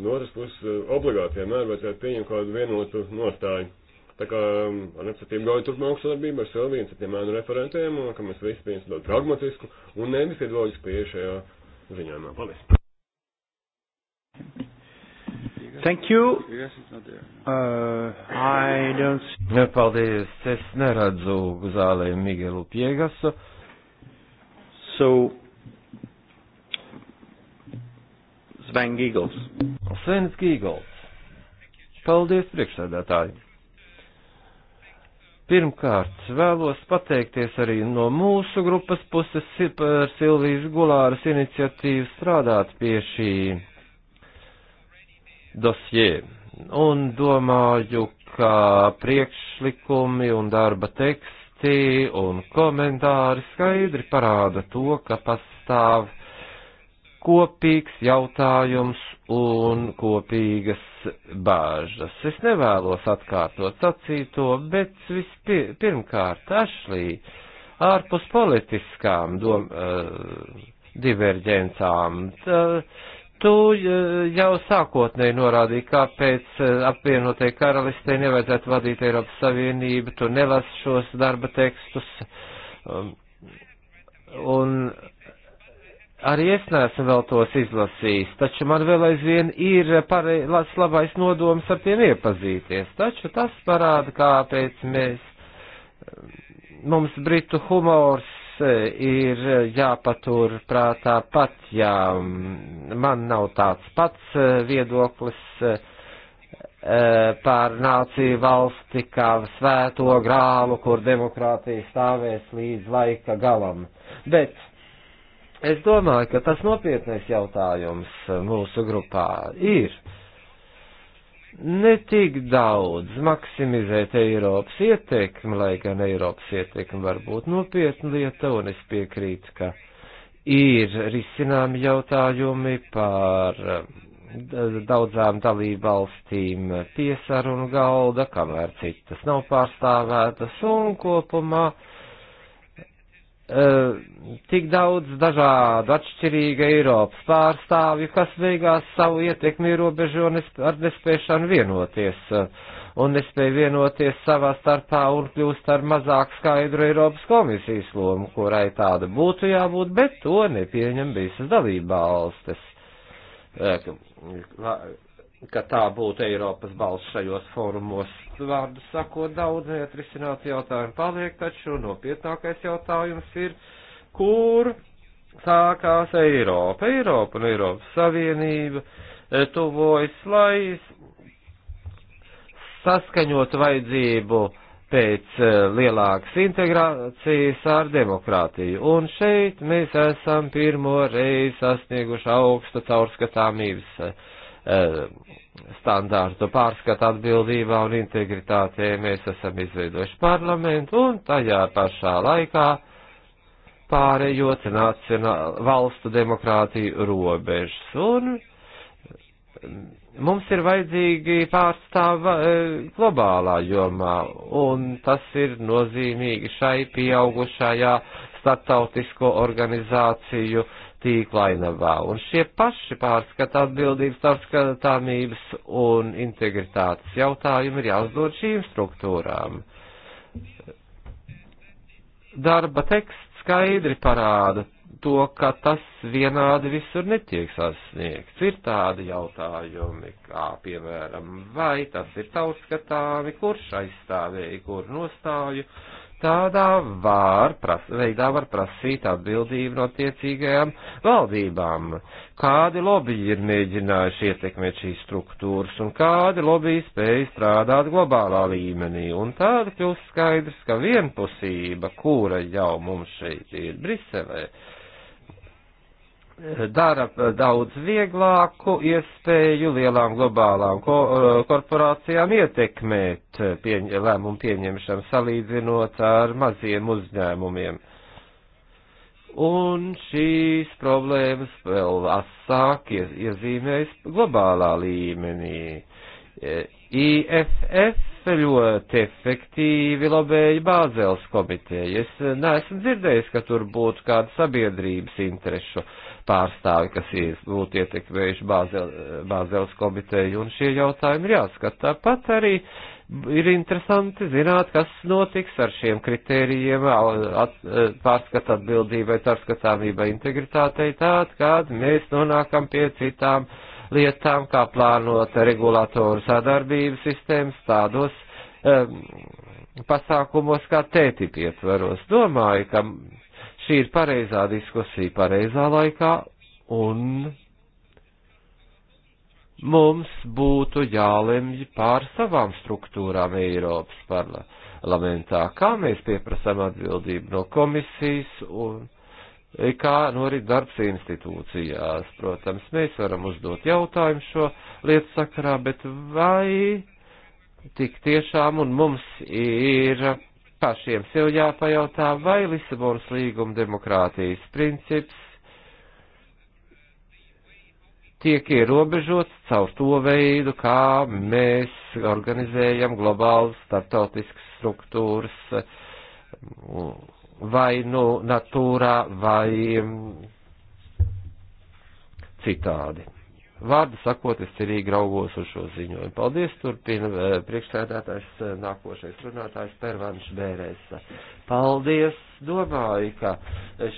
no otras puses eh, obligāti vienmēr vajadzētu pieņemt kādu vienotu nostāju. Tā kā um, ar nepatību gauju turpmāk sadarbību ar Silviju un citiem ēnu referentiem, ka mēs visi pieņemsim tādu pragmatisku un nevis ideoloģisku pieeju šajā ziņojumā. Paldies! Thank you. Uh, I don't see... Paldies, es neredzu zālē Miguelu Piegasu. So, Sven Gīgls. Svens Gīgls. Paldies, priekšsēdētāji. Pirmkārt, vēlos pateikties arī no mūsu grupas puses par Silvijas Gulāras iniciatīvu strādāt pie šī dosjē. Un domāju, ka priekšlikumi un darba teksti un komentāri skaidri parāda to, ka pastāv uh, kopīgs jautājums un kopīgas bāžas. Es nevēlos atkārtot sacīto, bet vispirmkārt Ašlī ārpus politiskām dom, uh, diverģencām. Tā, tu eh, jau sākotnēji norādīji, kāpēc eh, apvienotai karalistē nevajadzētu vadīt Eiropas Savienību, tu nelas šos darba tekstus. Um, un Arī es neesmu vēl tos izlasījis, taču man vēl aizvien ir pareizs labais nodoms ar tiem iepazīties. Taču tas parāda, kāpēc mēs, mums britu humors e, ir jāpatur prātā pat, ja man nav tāds pats e, viedoklis e, par nāciju valsti kā svēto grālu, kur demokrātija stāvēs līdz laika galam. Bet Es domāju, ka tas nopietnais jautājums eh, mūsu grupā ir ne tik daudz maksimizēt Eiropas ietekmi, lai gan Eiropas ietekmi var būt nopietna lieta, un es piekrītu, ka ir risināmi jautājumi par eh, daudzām dalībvalstīm piesarunu galda, kamēr citas nav pārstāvētas, un kopumā uh, Eh, tik daudz dažādu atšķirīgu Eiropas pārstāvju, kas beigās savu ietekmi ierobežo ar nespēšanu vienoties eh, un nespēja vienoties savā starpā un kļūst ar mazāk skaidru Eiropas komisijas lomu, kurai tāda būtu jābūt, bet to nepieņem visas dalībvalstis. Eh, ka tā būtu Eiropas balss šajos fórumos. Vārdu sakot, daudz neatrisināti jautājumi paliek, taču nopietnākais jautājums ir, kur sākās Eiropa? Eiropa un Eiropas Savienība e, tuvojas, lai saskaņot vajadzību pēc e, lielākas integrācijas ar demokrātiju. Un šeit mēs esam pirmo reizi sasnieguši augstu caurskatāmības e, Eh, standārtu pārskatu atbildībā un integritātē mēs esam izveidojuši parlamentu un tajā pašā laikā pārējot nacionālu valstu demokrātiju robežas. Un mums ir vajadzīgi pārstāva eh, globālā jomā, un tas ir nozīmīgi šai pieaugušajā startautisko organizāciju uh, tīkla ainavā, un šie paši pārskata atbildības, starpskatāmības un integritātes jautājumi ir jāuzdod šīm struktūrām. Darba teksts skaidri parāda to, ka tas vienādi visur netiek sasniegts. Ir tādi jautājumi, kā piemēram, vai tas ir caurskatāmi, kurš aizstāvēja, kur nostāju, uh, tādā var pras, veidā var prasīt atbildību no tiecīgajām valdībām. Kādi lobby ir mēģinājuši ietekmēt šīs struktūras un kādi lobby spēj strādāt globālā līmenī. Un tāda kļūst skaidrs, ka vienpusība, kura jau mums šeit ir Briselē, uh, dara daudz vieglāku iespēju lielām globālām ko, eh, korporācijām ietekmēt pieņ, lēmumu pieņemšanu, salīdzinot ar maziem uzņēmumiem. Un šīs problēmas vēl asāk iezīmējas globālā līmenī. IFF ļoti efektīvi lobēja Bāzēls komiteja. Es neesmu dzirdējis, ka tur būtu kāda sabiedrības interešu uh, pārstāvi, kas būtu ietekmējuši Bāzeles komiteju, un šie jautājumi ir jāskat. Tāpat arī ir interesanti zināt, kas notiks ar šiem kritērijiem, at, e, pārskat atbildībai, pārskatāmībai, integritātei tād, kad mēs nonākam pie citām lietām, kā plānot regulātoru sadarbības sistēmas tādos um, pasākumos kā tēti pietvaros. Domāju, ka Šī ir pareizā diskusija pareizā laikā, un mums būtu jālemj pār savām struktūrām Eiropas parlamentā, kā mēs pieprasām atbildību no komisijas un kā norit darbs institūcijās. Protams, mēs varam uzdot jautājumu šo lietu sakarā, bet vai tik tiešām un mums ir pašiem sev jāpajautā, vai Lisabonas līguma demokrātijas princips tiek ierobežots caur to veidu, kā mēs organizējam globālas startautiskas struktūras vai nu natūrā vai citādi. Vārdu sakot, es cerīgi raugos uz šo ziņojumu. Paldies, turpina eh, priekšsēdētājs eh, nākošais runātājs Pervanš Bērēsa. Paldies, domāju, ka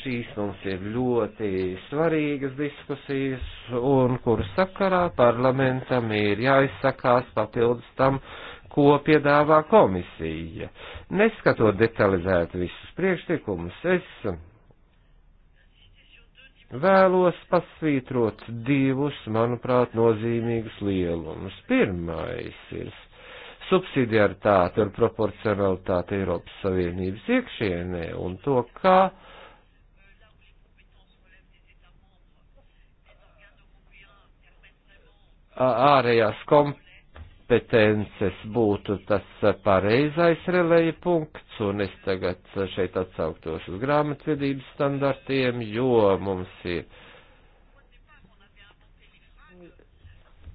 šīs mums ir ļoti svarīgas diskusijas un kuras sakarā parlamentam ir jāizsakās papildus tam, ko piedāvā komisija. Neskatot detalizēt visus priekšlikumus, es Vēlos pasvītrot divus, manuprāt, nozīmīgus lielumus. Pirmais ir subsidiaritāte un proporcionalitāte Eiropas Savienības iekšienē un to, kā ārējās komp kompetences būtu tas pareizais relēja punkts, un es tagad šeit atsauktos uz grāmatvedības standartiem, jo mums ir.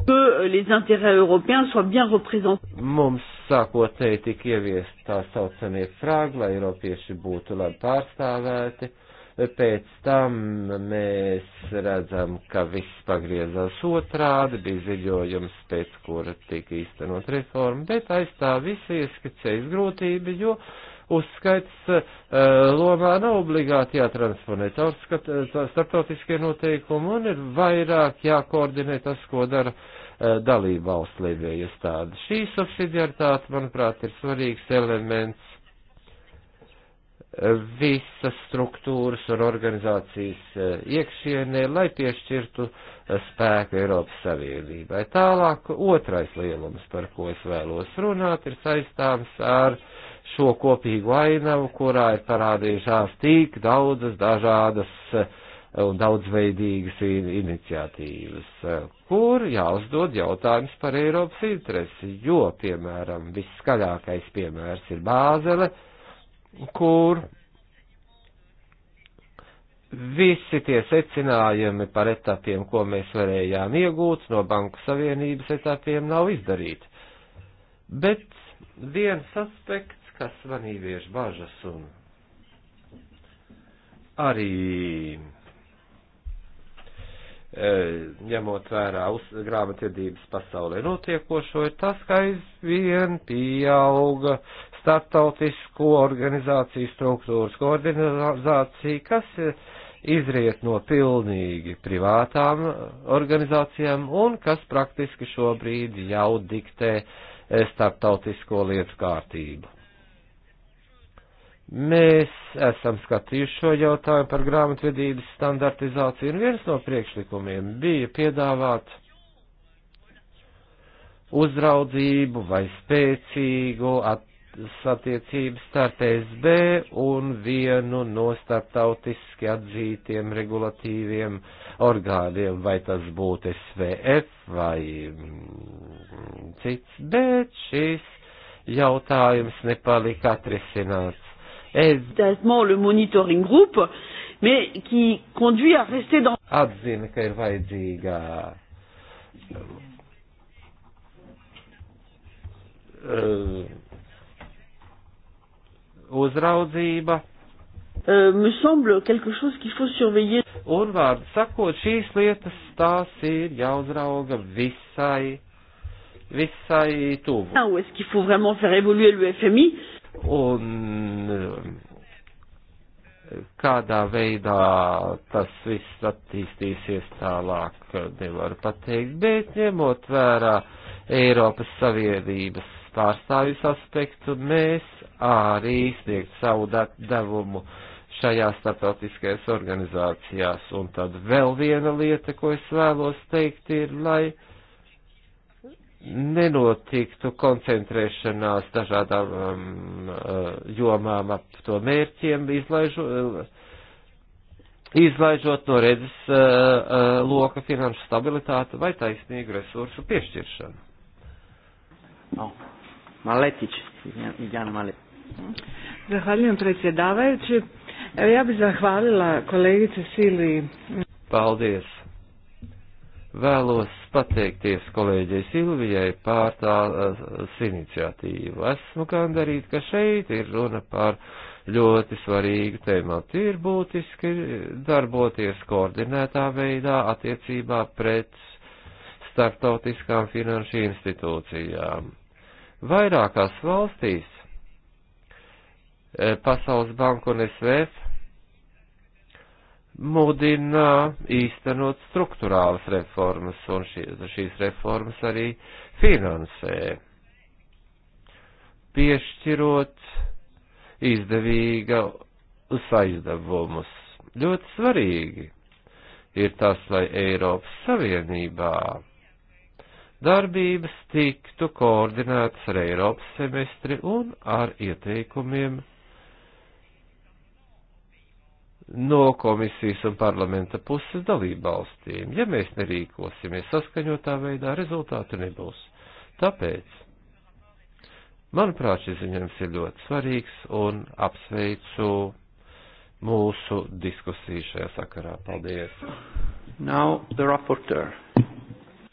que les intérêts européens soient bien représentés. Mums sākotnēji tika ieviest tā saucamie frāgi, lai eiropieši būtu labi pārstāvēti. Uh, pēc tam mēs redzam, ka viss pagriezās otrādi, bija ziļojums, pēc kura tika īstenot reforma, bet aiz tā visa ieskicējas grūtība, jo uzskaits uh, lomā nav obligāti jātransponē caur starptautiskie noteikumi un ir vairāk jākoordinē tas, ko dara uh, dalība valsts līmeņa iestāde. Šī subsidiaritāte, manuprāt, ir svarīgs elements visas struktūras un organizācijas e, iekšienē, lai piešķirtu e, spēku Eiropas Savienībai. Tālāk otrais lielums, par ko es vēlos runāt, ir saistāms ar šo kopīgu ainavu, kurā ir parādījušās tik daudzas dažādas e, un daudzveidīgas iniciatīvas, kur jāuzdod jautājums par Eiropas interesi, jo, piemēram, visskaļākais piemērs ir Bāzele, kur visi tie secinājumi par etapiem, ko mēs varējām iegūt no Banku Savienības etapiem, nav izdarīti. Bet viens aspekts, kas man ievieš bažas un arī e, ņemot vērā uz grāmatvedības pasaulē notiekošo, ir tas, ka aizvien pieauga startautisko organizāciju struktūras koordināciju, kas eh, izriet no pilnīgi privātām eh, organizācijām un kas praktiski šobrīd jau diktē eh, starptautisko lietu kārtību. Mēs esam skatījuši šo jautājumu par grāmatvedības standartizāciju, un viens no priekšlikumiem bija piedāvāt uzraudzību vai spēcīgu at attiecības starp SB un vienu no starptautiski atzītiem regulatīviem orgāniem, vai tas būtu SVF vai mm, cits, bet šis jautājums nepalika atrisināts. Es atzina, ka ir vajadzīgā uh, uzraudzība. Uh, me semble quelque chose qu'il faut surveiller. Un vārdu sakot, šīs lietas tās ir jāuzrauga visai, visai tuvu. Où est-ce qu'il faut vraiment faire évoluer le FMI? Un um, kādā veidā tas viss attīstīsies tālāk, nevaru pateikt, bet ņemot vērā Eiropas Savienības pārstāvjus aspektu, mēs arī sniegt savu devumu šajās starptautiskajās organizācijās. Un tad vēl viena lieta, ko es vēlos teikt, ir, lai nenotiktu koncentrēšanās dažādām um, uh, jomām ap to mērķiem, izlaižu, izlaižot no redzes uh, uh, loka finanšu stabilitāti vai taisnīgu resursu piešķiršanu. Oh. Maletić, Ljana Maletić. Zahvaljujem predsjedavajući. Evo ja bih zahvalila kolegice Silvi. Paldies. Vēlos pateikties kolēģei Silvijai pār tās iniciatīvu. Esmu gandarīta, ka šeit ir runa par ļoti svarīgu tēmatu. Ir būtiski darboties koordinētā veidā attiecībā pret starptautiskām finanšu institūcijām Vairākās valstīs e, Pasaules banka un SVF mudina īstenot struktūrālas reformas, un šī, šīs reformas arī finansē, piešķirot izdevīga uz aizdevumus. Ļoti svarīgi ir tas, lai Eiropas Savienībā darbības tiktu koordinētas ar Eiropas semestri un ar ieteikumiem no komisijas un parlamenta puses dalībvalstīm. Ja mēs nerīkosimies saskaņotā veidā, rezultātu nebūs. Tāpēc, manuprāt, šis ziņojums ir ļoti svarīgs un apsveicu mūsu diskusiju šajā sakarā. Paldies! Now the rapporteur.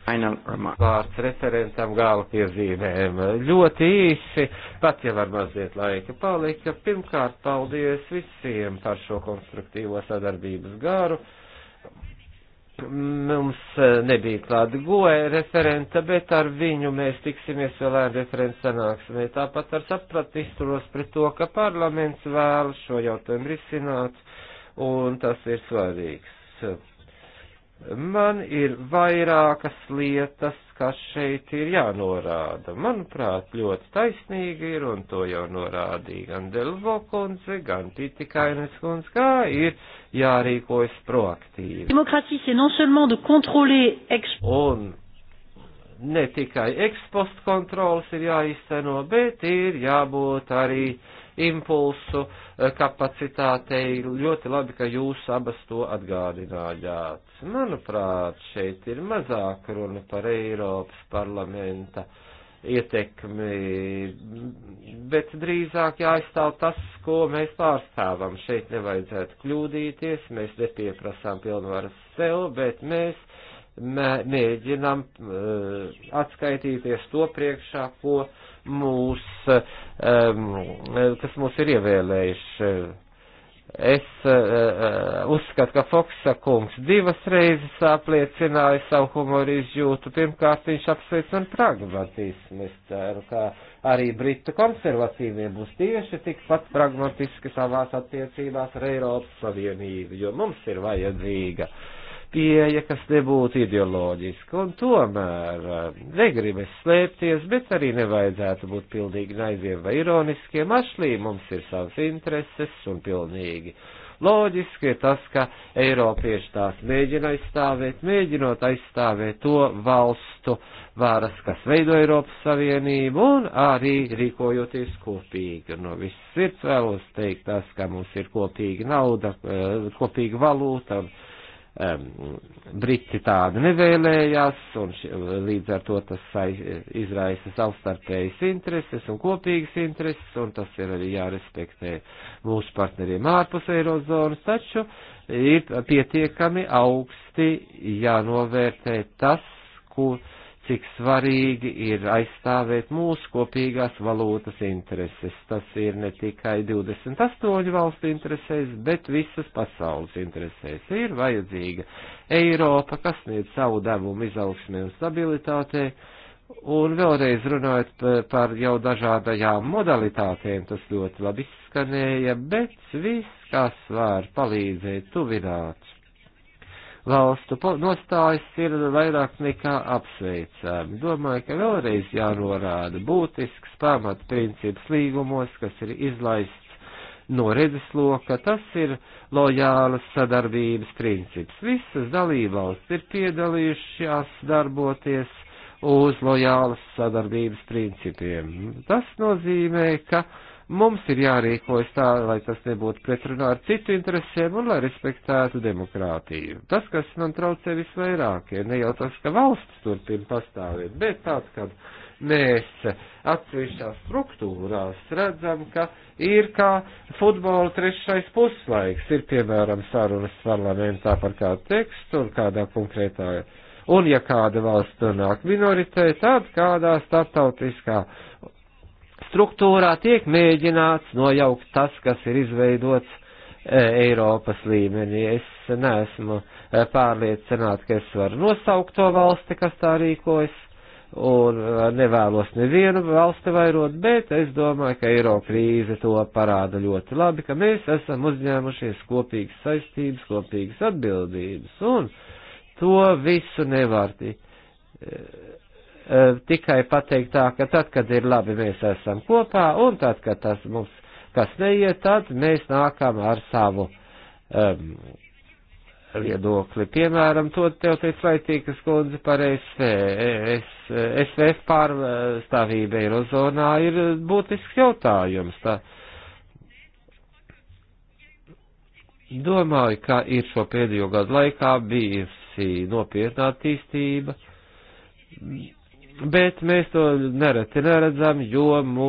Final remark. Vārds referentam gala piezīmēm. Ļoti īsi, pat jau ar mazliet laika palika. Pirmkārt, paldies visiem par šo konstruktīvo sadarbības garu. Mums eh, nebija klāta goe referenta, bet ar viņu mēs tiksimies vēl ar referents sanāksmē. Tāpat ar sapratu izturos pret to, ka parlaments vēl šo jautājumu risināt, un tas ir svarīgs Man ir vairākas lietas, kas šeit ir jānorāda. Manuprāt, ļoti taisnīgi ir, un to jau norādīja gan Delvo kundze, gan Titikainas kundze, kā ir jārīkojas proaktīvi. Un ne tikai ekspostu kontrols ir jāizceno, bet ir jābūt arī uh, impulsu eh, kapacitātei. Ļoti labi, ka jūs abas to atgādinājāt. Manuprāt, šeit ir mazāk runa par Eiropas parlamenta ietekmi, bet drīzāk jāizstāv tas, ko mēs pārstāvam. Šeit nevajadzētu kļūdīties, mēs nepieprasām pilnvaras sev, bet mēs mēģinām uh, eh, atskaitīties to priekšā, ko mūs, ehm, kas mūs ir ievēlējuši. Es uh, uzskatu, ka Foksa kungs divas reizes apliecināja savu humoru izjūtu. Pirmkārt, viņš apsveic man pragmatismu. Es ceru, ka arī britu konservatīviem būs tieši tikpat pragmatiski savās attiecībās ar Eiropas Savienību, jo mums ir vajadzīga uh, pieeja, kas nebūtu ideoloģiska. Un tomēr eh, negribas slēpties, bet arī nevajadzētu būt pilnīgi naiviem vai ironiskiem. Ašlī mums ir savas intereses un pilnīgi. Loģiski ir tas, ka Eiropieši tās mēģina aizstāvēt, mēģinot aizstāvēt to valstu varas, kas veido Eiropas Savienību, un arī rīkojoties kopīgi. No viss sirds vēlos teikt tas, ka mums ir kopīga nauda, eh, kopīga valūta un um, Briti tādu nevēlējās, un ši, līdz ar to tas izraisa savstarpējas intereses un kopīgas intereses, un tas ir arī jārespektē mūsu partneriem ārpus Eirozonas, taču ir pietiekami augsti jānovērtē tas, ko. Ku cik svarīgi ir aizstāvēt mūsu kopīgās valūtas intereses. Tas ir ne tikai 28 valstu interesēs, bet visas pasaules interesēs. Ir vajadzīga Eiropa, kas sniedz savu devumu izaugsmē un stabilitātē. Un vēlreiz runājot par jau dažādajām modalitātēm, tas ļoti labi izskanēja, bet viss, kas var palīdzēt tuvināt valstu nostājas ir vairāk nekā apsveicami. Domāju, ka vēlreiz jānorāda būtisks pamatprincips līgumos, kas ir izlaists no redzesloka, tas ir lojālas sadarbības princips. Visas dalībvalsts ir piedalījušās darboties uz lojālas sadarbības principiem. Tas nozīmē, ka uh, Mums ir jārīkojas tā, lai tas nebūtu pretrunā ar citu interesēm un lai respektētu demokrātiju. Tas, kas man traucē visvairāk, ir ne jau tas, ka valsts turpina pastāvēt, bet tāds, ka mēs atsevišķās struktūrās redzam, ka ir kā futbola trešais puslaiks. Ir, piemēram, sarunas parlamentā par kādu tekstu un kādā konkrētā un ja kāda valsts nonāk minoritē, tad kādā starptautiskā struktūrā tiek mēģināts nojaukt tas, kas ir izveidots e, Eiropas līmenī. Es neesmu e, pārliecināts, ka es varu nosaukt to valsti, kas tā rīkojas, un e, nevēlos nevienu valsti vairot, bet es domāju, ka eiro krīze to parāda ļoti labi, ka mēs esam uzņēmušies kopīgas saistības, kopīgas atbildības, un to visu nevar tik Eh, tikai pateikt tā, ka tad, kad ir labi, mēs esam kopā, un tad, kad tas mums kas neiet, tad mēs nākam ar savu um, viedokli. Piemēram, to tev teica Laitīkas kundze par SV. Es, SVF pārstāvība Eirozonā ir būtisks jautājums. Tā, domāju, ka ir šo pēdējo gadu laikā bijusi nopietna attīstība Bet mēs to nereti neredzam, jo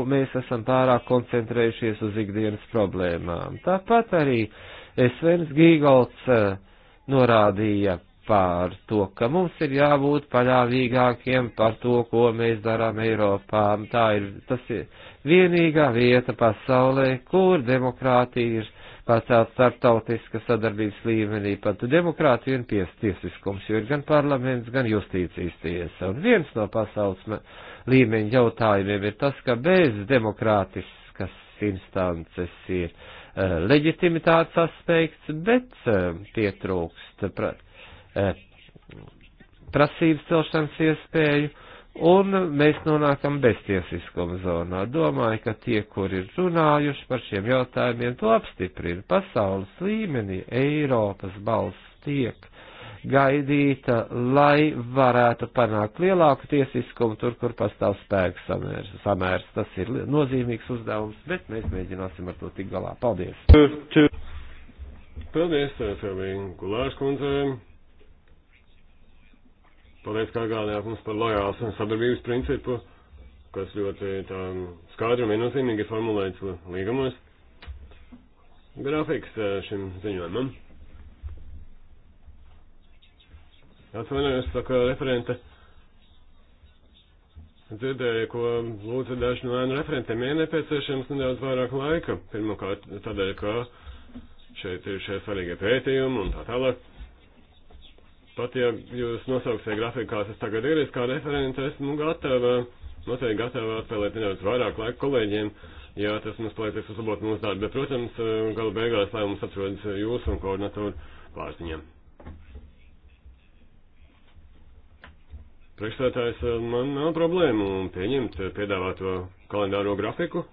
mēs esam pārāk koncentrējušies uz ikdienas problēmām. Tāpat arī Svens Gīgolds eh, norādīja par to, ka mums ir jābūt paļāvīgākiem par to, ko mēs darām Eiropā. Tā ir, tas ir vienīgā vieta pasaulē, kur demokrātija ir pacelt starptautiskas sadarbības līmenī pat demokrātiju un tiesiskums, jo ir gan parlaments, gan justīcijas tiesa. Un viens no pasaules līmeņa jautājumiem ir tas, ka bez demokrātiskas instances ir uh, leģitimitātes aspekts, bet uh, pietrūkst pra, uh, prasības celšanas iespēju. Uh, Un mēs nonākam beztiesiskuma zonā. Domāju, ka tie, kur ir runājuši par šiem jautājumiem, to apstiprina. Pasaules līmenī Eiropas balss tiek gaidīta, lai varētu panākt lielāku tiesiskumu tur, kur pastāv spēks samērs. samērs. Tas ir nozīmīgs uzdevums, bet mēs mēģināsim ar to tik galā. Paldies! Paldies, Sēfēlīna Gulārs kundzēm! Paldies, ka atgādinājāt mums par lojāls un sadarbības principu, kas ļoti tā skaidri un viennozīmīgi ir formulēts līgumos. Grafiks eh, šim ziņojumam. Atvainojos, saka referente. Dzirdēju, ko lūdza daži no ēnu referentiem. Ir nepieciešams nedaudz vairāk laika. Pirmkārt, tādēļ, ka šeit ir šie svarīgie pētījumi un tā tālāk. Pat ja jūs nosauksiet grafiku, kāds es tagad ir, es kā referents esmu nu, gatava, noteikti gatava atvēlēt nedaudz vairāk laika kolēģiem, ja tas mums palīdzēs uzlabot mūsu darbu. Bet, protams, eh, gala beigās, lai mums atrodas jūsu un koordinatoru pārziņiem. Priekšstādātājs, eh, man nav problēmu pieņemt piedāvāto kalendāro grafiku.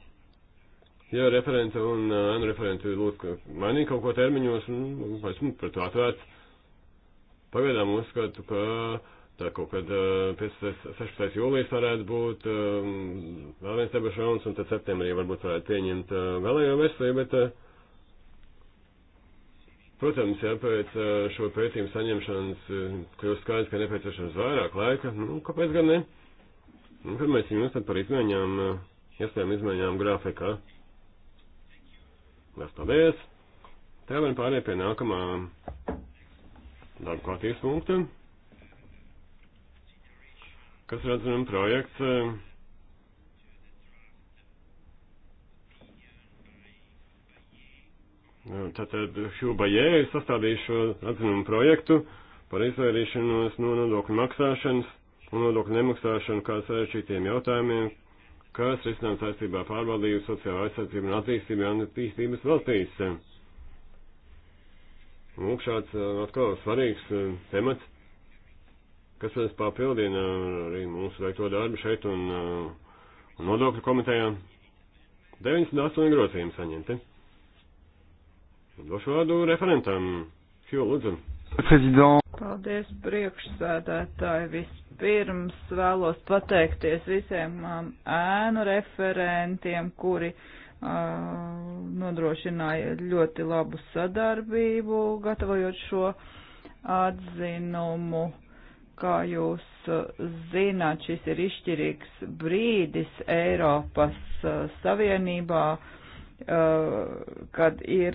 Ja referenta un eh, ēnu referenta lūdzu mainīt kaut ko termiņos, nu, esmu par to atvērts. Pagaidām uzskatu, ka tā kaut kad 16. jūlijas varētu būt vēl viens debašu rauns, un tad septembrī varbūt varētu pieņemt vēlējo versiju, bet, protams, ja pēc šo pētījumu saņemšanas kļūst skaidrs, ka nepieciešams vairāk laika, nu, kāpēc gan ne? Un kad mēs jums tad par izmaiņām, iespējām izmaiņām grafikā. Mēs paldies! Tev vien pārējie pie nākamā darba kārtības punktu, kas ir atzinam projekts. Tātad Hjūbajē ir sastādījis šo atzinumu projektu par izvairīšanos no nodokļu maksāšanas un nodokļu nemaksāšanu kā sarežģītiem jautājumiem, kas risinām saistībā pārvaldību sociālo aizsardzību un attīstību un attīstības valstīs. Nu, lūk, šāds atkal svarīgs temats, kas vēl papildina arī mūsu veikto darbu šeit un, un nodokļu komitejā. 98 grozījumi saņemti. Došu vārdu referentam. Hjo, lūdzu. Paldies, priekšsēdētāji. Vispirms vēlos pateikties visiem ēnu referentiem, kuri nodrošināja ļoti labu sadarbību, gatavojot šo atzinumu. Kā jūs zināt, šis ir izšķirīgs brīdis Eiropas Savienībā, kad ir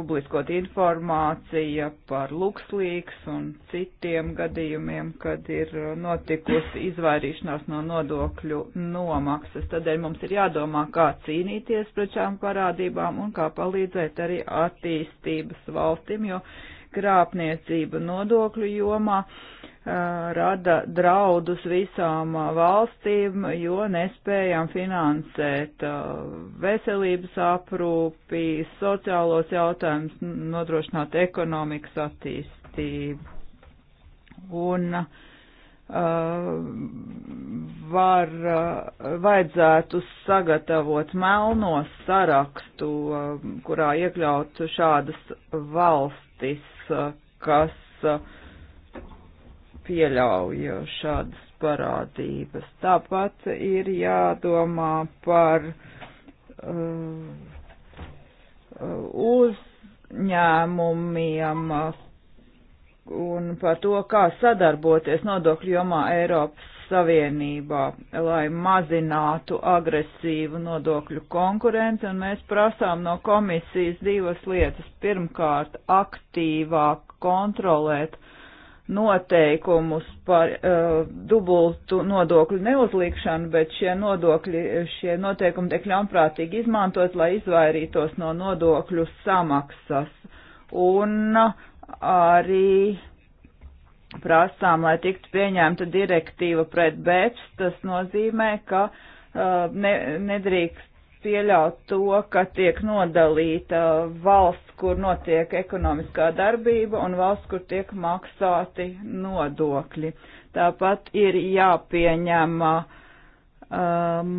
publiskot informācija par lukslīgs un citiem gadījumiem, kad ir uh, notikusi izvairīšanās no nodokļu nomaksas. Tādēļ mums ir jādomā, kā cīnīties pret šām parādībām un kā palīdzēt arī attīstības valstīm, jo krāpniecība nodokļu jomā rada draudus visām valstīm, jo nespējam finansēt veselības aprūpi, sociālos jautājumus, nodrošināt ekonomikas attīstību. Un uh, var, uh, vajadzētu sagatavot melno sarakstu, uh, kurā iekļaut šādas valstis Uh, kas uh, pieļauj šādas parādības. Tāpat ir jādomā par uh, uzņēmumiem uh, un par to, kā sadarboties nodokļu jomā Eiropas Savienībā, lai mazinātu agresīvu nodokļu konkurenci, un mēs prasām no komisijas divas lietas. Pirmkārt, aktīvāk kontrolēt noteikumus par uh, dubultu nodokļu neuzlikšanu, bet šie nodokļi, šie noteikumi tiek ļaunprātīgi izmantot, lai izvairītos no nodokļu samaksas. Un eh, arī uh, prasām, lai tiktu pieņemta direktīva pret BEPS, tas nozīmē, ka uh, ne, nedrīkst pieļaut to, ka tiek nodalīta valsts, kur notiek ekonomiskā darbība un valsts, kur tiek maksāti nodokļi. Tāpat ir jāpieņem um,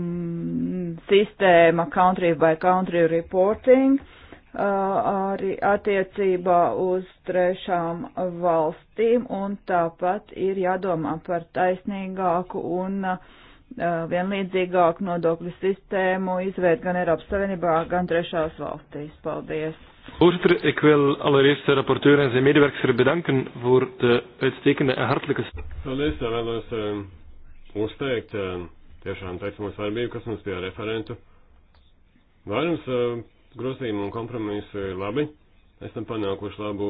sistēma country by country reporting, uh, arī attiecībā uz trešām valstīm, un tāpat ir jādomā par taisnīgāku un vienlīdzīgāku nodokļu sistēmu izveid gan Eiropas Savienībā, gan trešās valstīs. Paldies! Voorzitter, ik wil allereerst de rapporteur en zijn medewerkster bedanken voor de uitstekende en hartelijke. Paldies, ja vēlos um, uzteikt um, tiešām teicamo svarbību, kas mums bija referentu. Vairums um, grozījumi un kompromisi ir labi. Esam panākuši labu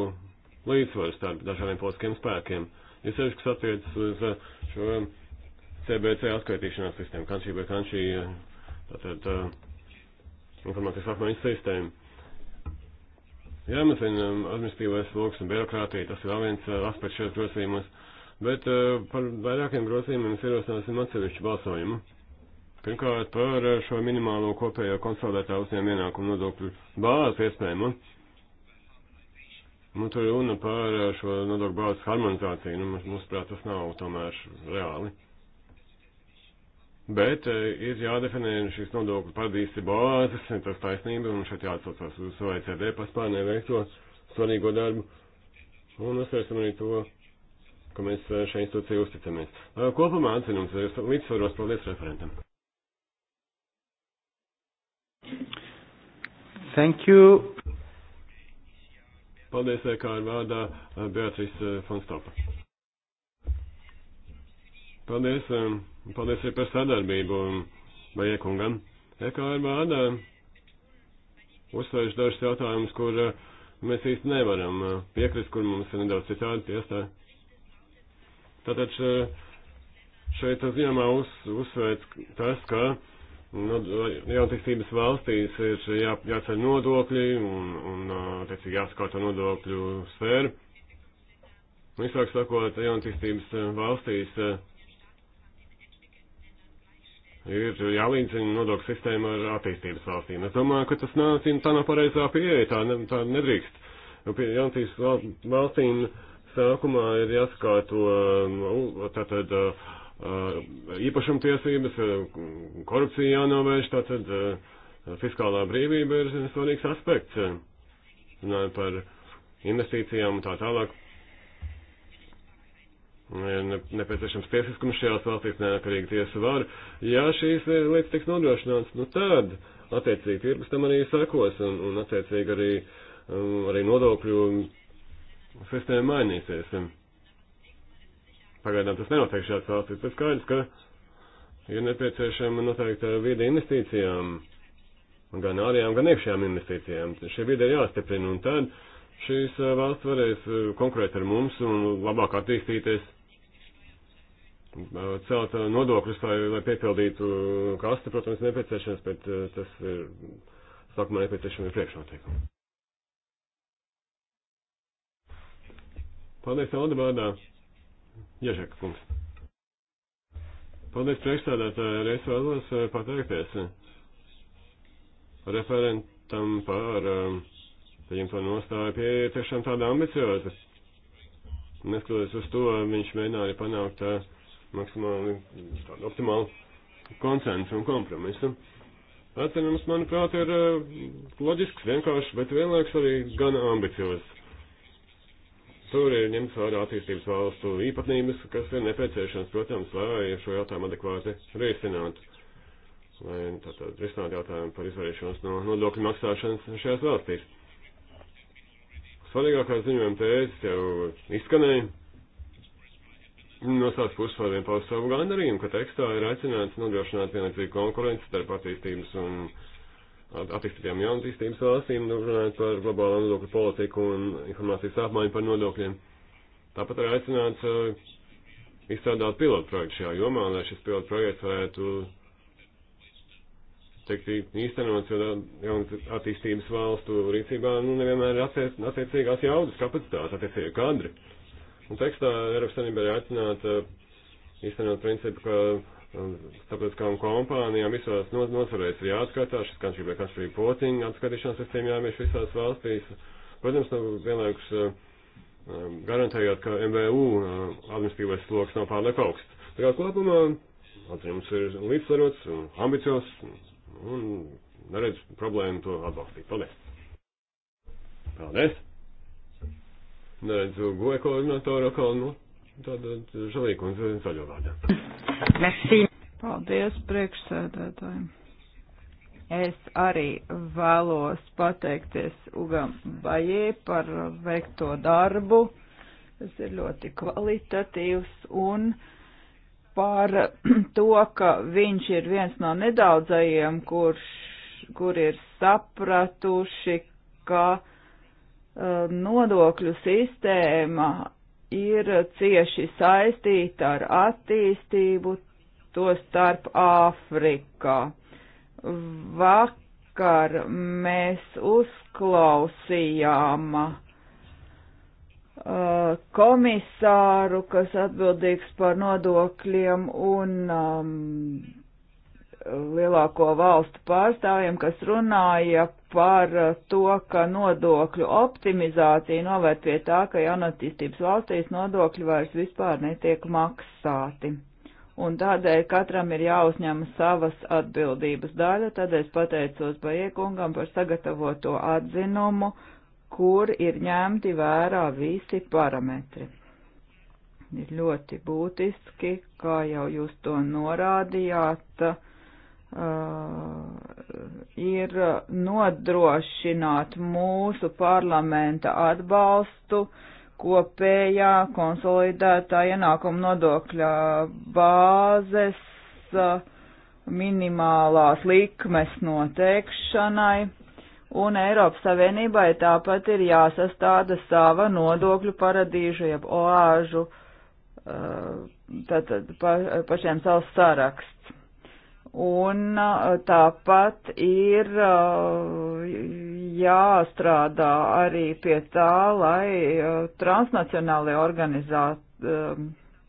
līdzsvaru starp dažādiem politiskiem spēkiem. Ir sevišķi, kas attiecas uz uh, šo CBC um, atskaitīšanās sistēmu, kanšī vai kanšī, uh, tātad uh, informācijas apmaiņas sistēmu. Jāmazina um, administratīvais sloks un birokrātija, tas ir vēl viens uh, aspekts šajos grozījumos, bet uh, par vairākiem grozījumiem mēs ierosināsim atsevišķu balsojumu. Pirmkārt, par šo minimālo kopējo konsolidētā uzņēmuma ienākumu nodokļu bāzi iespējamu. Nu, tur runa par šo nodokļu bāzes harmonizāciju. Nu, mums, mūsuprāt, tas nav tomēr reāli. Bet eh, ir jādefinē šīs nodokļu paradīzes bāzes, tas taisnība, un šeit jāatsaucās uz OECD paspārnē veikto svarīgo darbu. Un uzsvērsim arī to, ka mēs eh, šai institūcijai uzticamies. Eh, kopumā atzinums ir līdzsvaros. Paldies referentam! Thank you. Paldies, kā ir vārdā eh, Beatrīs Fonstopa. Eh, paldies, eh, paldies arī par sadarbību Vajekungam. Ekā ir vārdā uzsvērš dažus jautājumus, kur mēs īsti nevaram piekrist, kur mums ir nedaudz citādi piestāja. Tātad šeit ziņāmā uz, uzsvērts tas, ka Nu, jaunatīstības valstīs ir jā, jāceļ nodokļi un, un attiecīgi, jāskārto nodokļu sfēru. Visāk sakot, jaunatīstības valstīs ir jālīdzina nodokļu sistēma ar attīstības valstīm. Es domāju, ka tas nav, tā nav pareizā pieeja, tā, ne, tā nedrīkst. Jaunatīs valstīm sākumā ir jāskārto tātad Eh, īpašumtiesības, eh, korupcija jānovērš, tātad eh, fiskālā brīvība ir svarīgs aspekts. Runājot par investīcijām un tā tālāk. Ne, nepieciešams tiesiskums šajās valstīs, neatkarīgi tiesu var. Ja šīs lietas tiks nodrošināts, nu tad, attiecīgi, tirgus tam arī sekos un, un attiecīgi arī, um, arī nodokļu sistēma mainīsies. Pagaidām tas nenotiek šajās valstīs. Tas skaidrs, ka ir nepieciešama noteikta vieda investīcijām, gan ārējām, gan iekšējām investīcijām. Šie vieda ir jāstiprina, un tad šīs uh, valsts varēs uh, konkurēt ar mums un labāk attīstīties, uh, celt nodokļus, lai, lai piepildītu kasti, protams, nepieciešams, bet tas ir sākumā nepieciešami priekšnoteikumi. Paldies, Alda Bārdā! Ježeka kungs. Paldies priekšstādātāji, reiz vēlos eh, pateikties eh, referentam par pieņemto eh, nostāju pie tiešām tāda ambicioza. Neskatoties uz to, viņš mēģināja arī panākt maksimāli tādu optimālu konsensu un kompromisu. Atcerams, manuprāt, ir loģisks, vienkāršs, bet vienlaiks arī gan ambiciozs. Tur ir ņemts vērā attīstības valstu īpatnības, kas ir nepieciešams, protams, lai šo jautājumu adekvāti risinātu. Lai tātad risinātu jautājumu par izvairīšanos no nodokļu maksāšanas šajās valstīs. Svarīgākās ziņojuma tēzes jau izskanēja. No savas puses var vien paust savu gandarījumu, ka tekstā ir aicināts nodrošināt vienlīdzīgu konkurenci starp attīstības un attīstītām jaunatīstības valstīm, nu, runājot par globālo nodokļu politiku un informācijas apmaiņu par nodokļiem. Tāpat arī aicināts uh, izstrādāt pilotu projektu šajā jomā, lai šis pilotu projekts varētu teikt, īstenots, jo jaunas attīstības valstu rīcībā nu, nevienmēr ir attiec, attiecīgās jaudas kapacitātes, attiecīgi kadri. Un tekstā Eiropas Sanībā ir aicināta uh, īstenot principu, ka starptautiskām kompānijām visās nozarēs ir jāatskatās, šis country by country reporting atskatīšanās sistēma jāievieš visās valstīs. Protams, nu, vienlaikus eh, eh, garantējot, ka MVU eh, administratīvais sloks nav pārlieku augsts. Tā kā kopumā atzīmes ir līdzsvarots un ambicios un neredz problēmu to atbalstīt. Paldies! Paldies! Neredzu goekoordinatoru atkal no. Nu. Tātad Žalīka un Zaļo vārdā. Merci. Paldies priekšsēdētājiem. Es arī vēlos pateikties Ugam Bajē par veikto darbu. Tas ir ļoti kvalitatīvs un par [clears throat] to, ka viņš ir viens no nedaudzajiem, kurš, kur ir sapratuši, ka uh, nodokļu sistēma ir cieši saistīta ar attīstību, to starp Āfrikā. Vakar mēs uzklausījām uh, komisāru, kas atbildīgs par nodokļiem un um, lielāko valstu pārstāvjiem, kas runāja par uh, to, ka nodokļu optimizācija novērt pie tā, ka jaunatīstības valstīs nodokļi vairs vispār netiek maksāti. Un tādēļ katram ir jāuzņem savas atbildības daļa, tad es pateicos Baiekungam par sagatavoto atzinumu, kur ir ņemti vērā visi parametri ir ļoti būtiski, kā jau jūs to norādījāt, Uh, ir nodrošināt mūsu parlamenta atbalstu kopējā konsolidētā ienākuma nodokļa bāzes uh, minimālās likmes noteikšanai, un Eiropas Savienībai tāpat ir jāsastāda sava nodokļu paradīžu jeb oāžu, uh, tātad pa, pašiem savs saraksts Un uh, tāpat ir uh, jāstrādā arī pie tā, lai transnacionālajie organizāti,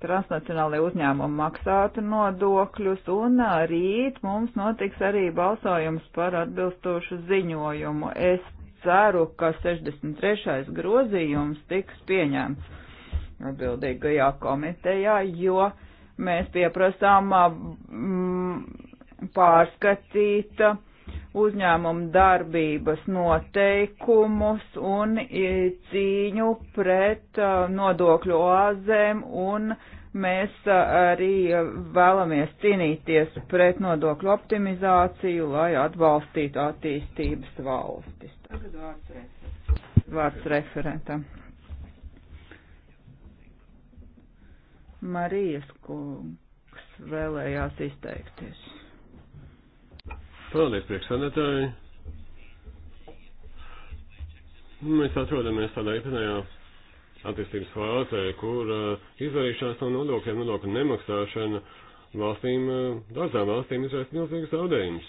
transnacionālajie uzņēmumi maksātu nodokļus, un uh, rīt mums notiks arī balsojums par atbilstošu ziņojumu. Es ceru, ka 63. grozījums tiks pieņemts atbildīgajā komitejā, jo mēs pieprasām mm, pārskatīt uzņēmumu darbības noteikumus un cīņu pret nodokļu oāzēm un mēs arī vēlamies cīnīties pret nodokļu optimizāciju, lai atbalstītu attīstības valstis. Tagad vārds referentam. Vārds referentam. Marijas kungs vēlējās izteikties. Paldies, priekšsēdētāji. Mēs atrodamies tādā īpatnējā attīstības fāzē, kur uh, izvairīšanās no nodokļiem, nodokļu nemaksāšana valstīm, uh, daudzām valstīm izraisa milzīgas zaudējumus.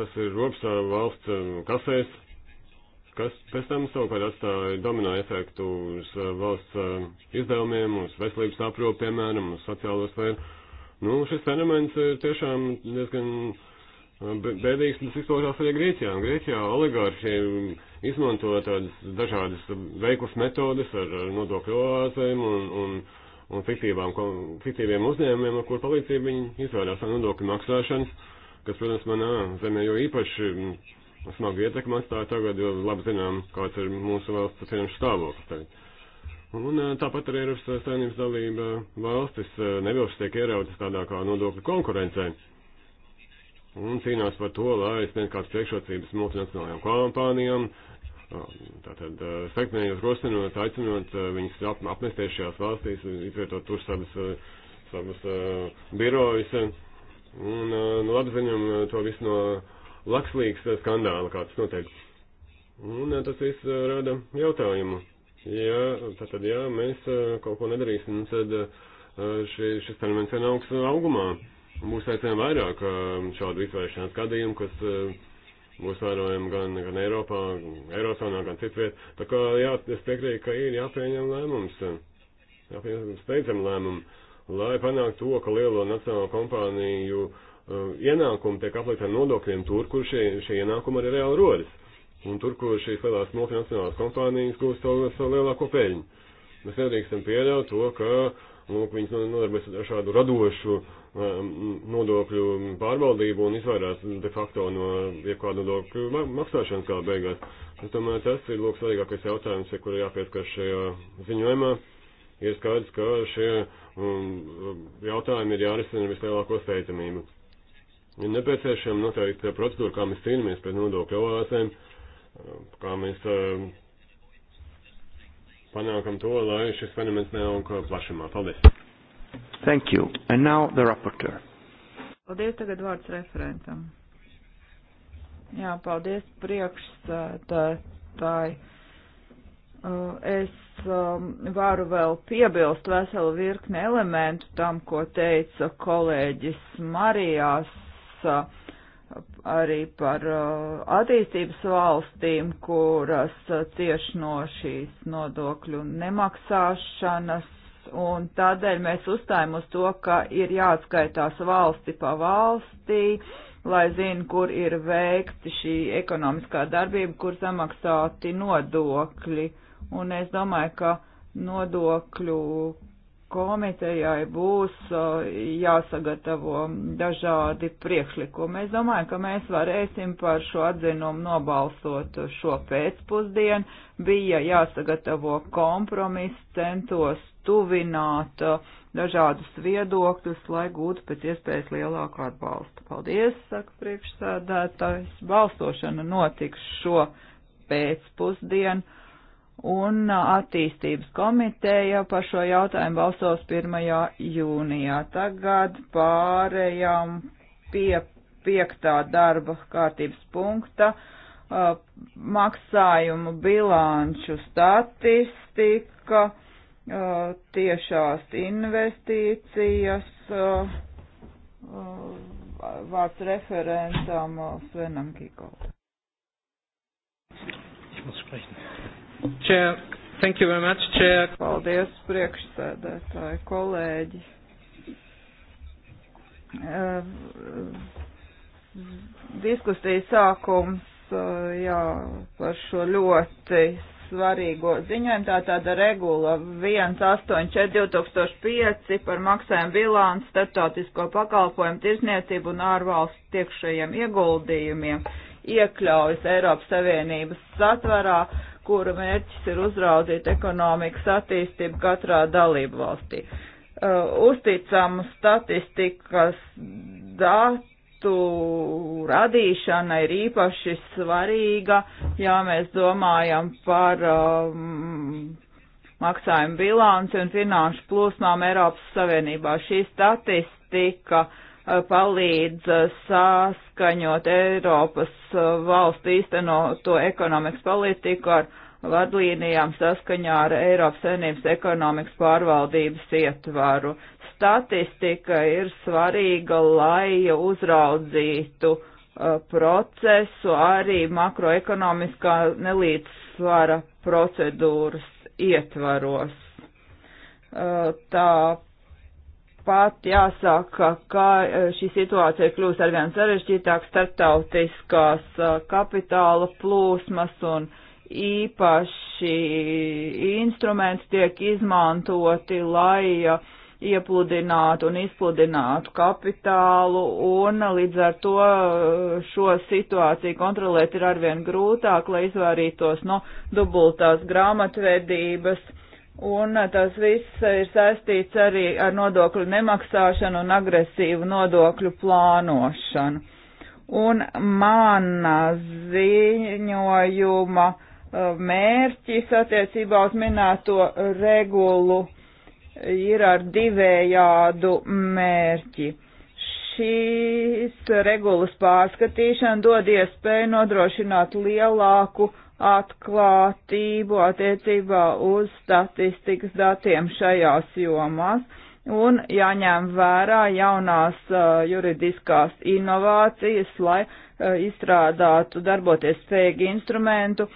Tas ir rops uh, valsts uh, kasēs, kas pēc tam savukārt atstāja domino efektu uz uh, valsts izdevumiem, uz veselības aprūpi, piemēram, uz sociālo sfēru. Nu, šis fenomens ir tiešām diezgan uh, bēdīgs, tas izpaužās arī Grieķijā. Grieķijā oligārši izmanto tādas dažādas veiklas metodes ar nodokļu oāzēm un, un, un fiktīvām, fiktīviem uzņēmumiem, ar kur palīdzību viņi izvairās no nodokļu maksāšanas, kas, protams, manā zemē jau īpaši mm, smagu ietekmi atstāja tagad, jo labi zinām, kāds ir mūsu valsts finanšu stāvoklis tagad. Un eh, tāpat arī Eiropas Savienības dalība eh, valstis eh, nevilši tiek ieraudzes tādā kā nodokļu konkurencē. Un cīnās par to, lai sniegtu kādas priekšrocības multinacionālajām kompānijām, tātad sekmējot, rosinot, aicinot viņus ap, apmesties šajās valstīs, izvietot tur savas, savas uh, birojas. Un uh, nu, apziņam to visu no lakslīgas skandāla, kāds notiek. Un uh, tas viss rada jautājumu. Ja, tātad, ja mēs uh, kaut ko nedarīsim, nu tad uh, šie, šis fenomens vienalgs augumā. Būs aicināmi vairāk uh, šādu izvēršanās gadījumu, kas būs vērojami gan, gan Eiropā, gan Eirozonā, gan citviet. Tā kā, jā, es piekrītu, ka ir jāpieņem lēmums, jāpieņem steidzam lēmumu, lai panāktu to, ka lielo nacionālo kompāniju ienākumi tiek aplikti ar nodokļiem tur, kur šie, šie ienākumi arī reāli rodas. Un tur, kur šīs lielās multinacionālās kompānijas gūst savu, savu lielāko peļņu. Mēs nedrīkstam pieļaut to, ka lūk, viņas nodarbojas ar šādu radošu um, nodokļu pārvaldību un izvairās de facto no jebkāda nodokļu maksāšanas kā beigās. Es domāju, tas ir lūk svarīgākais jautājums, ja kur jāpieskar šajā ziņojumā. Ir skaidrs, ka šie um, jautājumi ir jārisina vislielāko steidzamību. Ir nepieciešama noteikti procedūra, kā mēs cīnāmies pret nodokļu oāzēm. Uh, kā mēs panākam to, lai šis fenomens neaug plašumā. Paldies! Thank you. And now the rapporteur. Paldies, tagad vārds referentam. Jā, paldies priekšstādātāji. Es varu vēl piebilst veselu virkni elementu tam, ko teica kolēģis Marijās. Uh, arī par uh, attīstības valstīm, kuras uh, cieš no šīs nodokļu nemaksāšanas, un tādēļ mēs uzstājam uz to, ka ir jāatskaitās valsti pa valstī, lai zina, kur ir veikti šī ekonomiskā darbība, kur samaksāti nodokļi. Un es domāju, ka nodokļu komitejai būs jāsagatavo dažādi priekšlikumi. Es domāju, ka mēs varēsim par šo atzinumu nobalsot šo pēcpusdienu. Bija jāsagatavo kompromis, centos tuvināt dažādus viedokļus, lai gūtu pēc iespējas lielāku atbalstu. Paldies, saka priekšsēdētājs. Balsošana notiks šo pēcpusdienu un attīstības komiteja par šo jautājumu balsos 1. jūnijā. Tagad pārējām pie piektā darba kārtības punkta uh, maksājumu bilanču statistika, uh, tiešās investīcijas, uh, vārds referentam Svenam Kikovam. Ich muss sprechen. Chair, thank you very much, Chair. Paldies, priekšsēdētāji, kolēģi. Eh, diskusijas sākums eh, jā, par šo ļoti svarīgo ziņojumu, tā tāda regula 184-2005 par maksājumu bilānu, starptautisko pakalpojumu, tirsniecību un ārvalstu tiekšajiem ieguldījumiem iekļaujas Eiropas Savienības satvarā kura mērķis ir uzraudzīt ekonomikas attīstību katrā dalību valstī. Uh, uzticamu statistikas datu vietu radīšana ir īpaši svarīga, ja mēs domājam par um, maksājumu bilanci un finanšu plūsmām Eiropas Savienībā. Šī statistika uh, palīdz uh, saskaņot Eiropas uh, valstu īstenoto ekonomikas politiku ar vadlīnijām saskaņā ar Eiropas saimnības ekonomikas pārvaldības ietvaru. Statistika ir svarīga, lai uzraudzītu uh, procesu arī makroekonomiskā nelīdzsvara procedūras ietvaros. Tāpat Tāpat jāsaka, ka e, šī situācija kļūst arvien sarežģītāk starptautiskās e, kapitāla plūsmas un īpaši instrumenti tiek izmantoti, lai uh, iepludinātu un izpludinātu kapitālu, un līdz ar to šo situāciju kontrolēt ir arvien grūtāk, lai izvairītos no dubultās grāmatvedības Un eh, tas viss ir saistīts arī ar nodokļu nemaksāšanu un agresīvu nodokļu plānošanu. Un mana ziņojuma eh, mērķis attiecībā uz minēto regulu ir ar divējādu mērķi šīs regulas pārskatīšana dod iespēju nodrošināt lielāku atklātību attiecībā uz statistikas datiem šajās jomās un jāņem vērā jaunās uh, juridiskās inovācijas, lai uh, izstrādātu darboties spējīgi instrumentu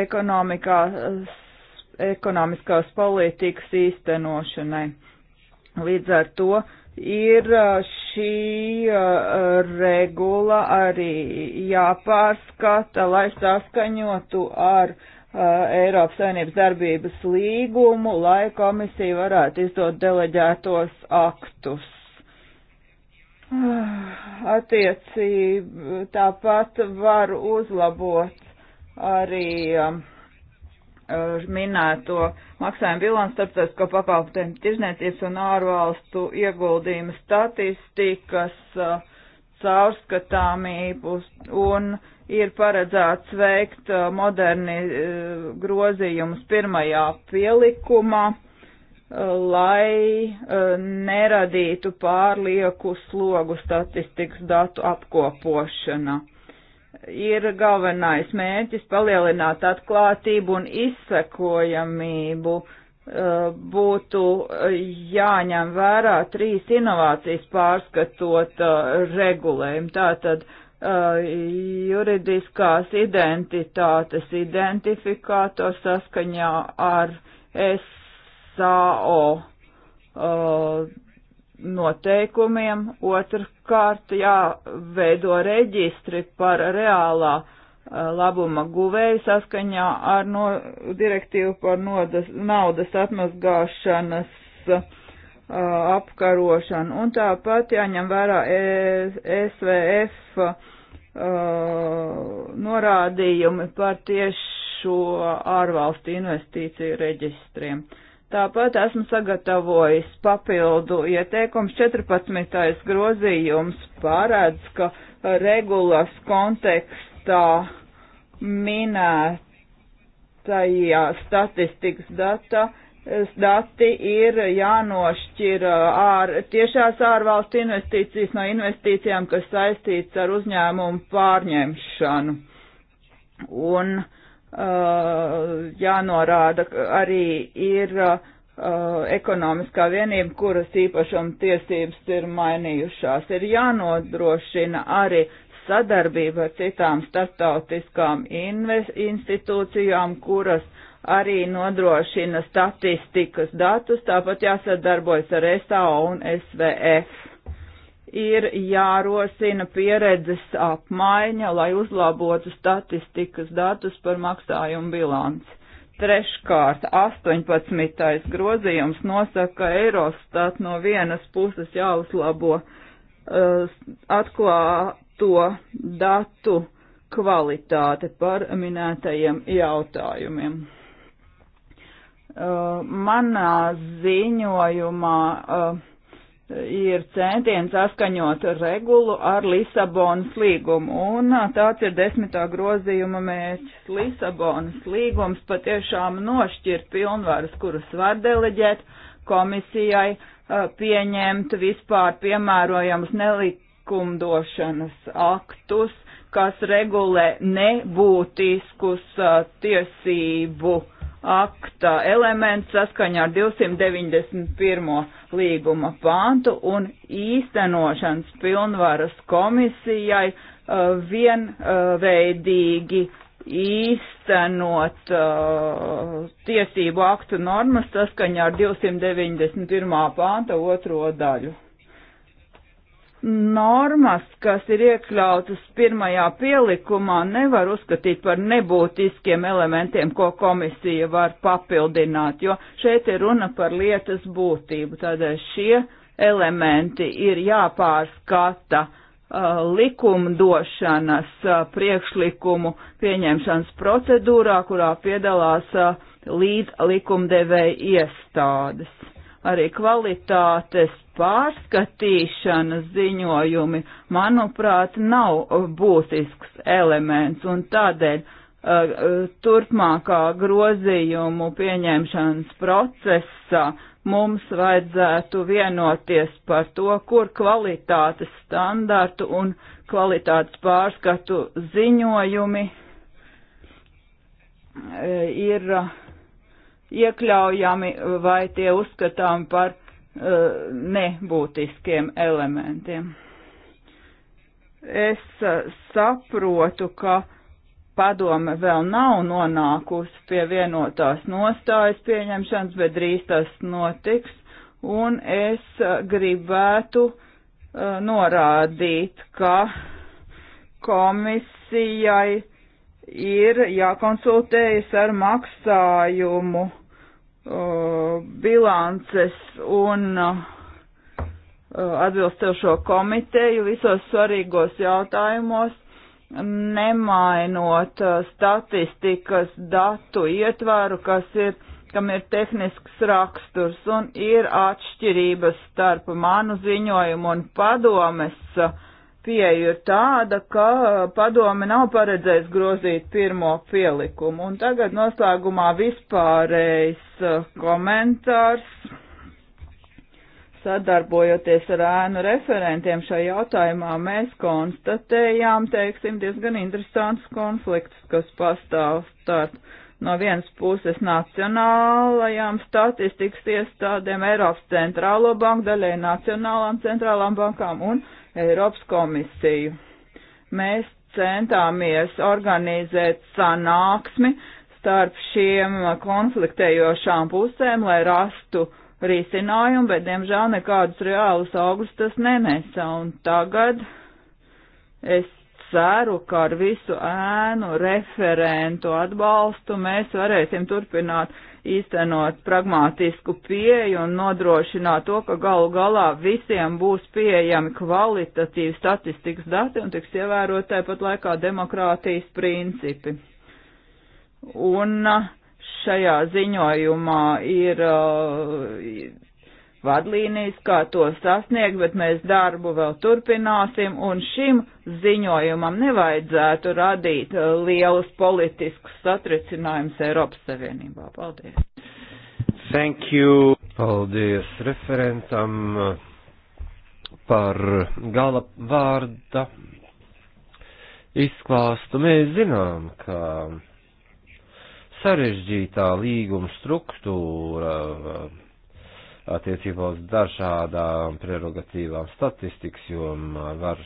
ekonomikā, uh, ekonomiskās politikas īstenošanai. Līdz ar to uh, ir šī regula arī jāpārskata, lai saskaņotu ar uh, Eiropas Savienības darbības līgumu, lai komisija varētu izdot deleģētos aktus. Ah, Attiecība tāpat var uzlabot arī uh, Eh, minēto maksājumu bilanci starptautisko pakalpojumu tirzniecības un ārvalstu ieguldījumu statistikas eh, caurskatāmību un ir paredzēts veikt eh, moderni grozījumus pirmajā pielikumā, lai neradītu pārlieku slogu statistikas datu apkopošana ir galvenais mērķis palielināt atklātību un izsekojamību. Eh, būtu eh, jāņem vērā trīs inovācijas pārskatot eh, regulējumu. Tātad juridiskās identitātes identifikātors saskaņā ar SAO noteikumiem, otrkārt jāveido reģistri par reālā eh, labuma guvēju saskaņā ar no, direktīvu par nodas, naudas atmazgāšanas eh, apkarošanu. Un tāpat jāņem vērā e, SVF a, eh, norādījumi par tiešu ārvalstu investīciju reģistriem. Uh, Tāpat esmu sagatavojis papildu ieteikums 14. grozījums pārēdz, ka regulas kontekstā minētajā statistikas data dati ir jānošķir uh, ār, tiešās ārvalstu investīcijas no investīcijām, kas saistīts ar uzņēmumu pārņemšanu. Un uh, Uh, jānorāda arī ir uh, ekonomiskā vienība, kuras īpašuma tiesības ir mainījušās. Ir jānodrošina arī sadarbība ar citām starptautiskām institūcijām, kuras arī nodrošina statistikas datus, tāpat jāsadarbojas ar SAO un SVF ir jārosina pieredzes apmaiņa, lai uzlabotu statistikas datus par maksājumu bilanci. Treškārt, 18. grozījums nosaka, ka Eirostat no vienas puses jāuzlabo uh, atklāto datu kvalitāte par minētajiem jautājumiem. Uh, manā ziņojumā uh, ir centiens saskaņot regulu ar Lisabonas līgumu. Un tāds ir desmitā grozījuma mērķis. Lisabonas līgums patiešām nošķir pilnvaras, kuras var deleģēt komisijai, pieņemt vispār piemērojamus nelikumdošanas aktus, kas regulē nebūtiskus tiesību uh, akta elements saskaņā ar 291. līguma pāntu un īstenošanas pilnvaras komisijai uh, vienveidīgi uh, īstenot uh, tiesību aktu normas saskaņā ar 291. pānta otro daļu normas, kas ir iekļautas pirmajā pielikumā, nevar uzskatīt par nebūtiskiem elementiem, ko komisija var papildināt, jo šeit ir runa par lietas būtību. Tādēļ šie elementi ir jāpārskata uh, likumdošanas uh, priekšlikumu pieņemšanas procedūrā, kurā piedalās uh, līdz likumdevēja iestādes arī kvalitātes pārskatīšanas ziņojumi, manuprāt, nav uh, būtisks elements, un tādēļ uh, uh, turpmākā grozījumu pieņemšanas procesā mums vajadzētu vienoties par to, kur kvalitātes standartu un kvalitātes pārskatu ziņojumi uh, ir uh, iekļaujami vai tie uzskatām par uh, nebūtiskiem elementiem. Es uh, saprotu, ka padome vēl nav nonākusi pie vienotās nostājas pieņemšanas, bet drīz tas notiks, un es uh, gribētu norādīt, ka komisijai ir jākonsultējas ar maksājumu Uh, bilances un uh, uh, atbilstošo komiteju visos svarīgos jautājumos, nemainot statistikas datu ietvaru, kas ir, kam ir tehnisks raksturs un ir atšķirības starp manu ziņojumu un padomes uh, pieeja ir tāda, ka uh, padome nav paredzējis grozīt pirmo pielikumu. Un tagad noslēgumā vispārējs uh, komentārs. Sadarbojoties ar ēnu referentiem šajā jautājumā, mēs konstatējām, teiksim, diezgan interesants konflikts, kas pastāv starp no vienas puses nacionālajām statistikas iestādēm, Eiropas centrālo banku, daļai nacionālām centrālām bankām un Eiropas komisiju. Mēs centāmies organizēt sanāksmi starp šiem konfliktējošām pusēm, lai rastu risinājumu, bet, diemžēl, nekādus reālus augus tas nenesa. Un tagad es ceru, ka ar visu ēnu referentu atbalstu mēs varēsim turpināt īstenot pragmātisku pieeju un nodrošināt to, ka galu galā visiem būs pieejami kvalitatīvi statistikas dati un tiks ievērot tāpat laikā demokrātijas principi. Un uh, šajā ziņojumā ir uh, vadlīnijas, kā to sasniegt, bet mēs darbu vēl turpināsim, un šim ziņojumam nevajadzētu radīt uh, lielus politiskus satricinājumus Eiropas Savienībā. Paldies! Thank you! Paldies referentam uh, par uh, gala vārda izklāstu. Mēs zinām, ka sarežģītā līguma struktūra attiecībā uz dažādām prerogatīvām statistikas jomā var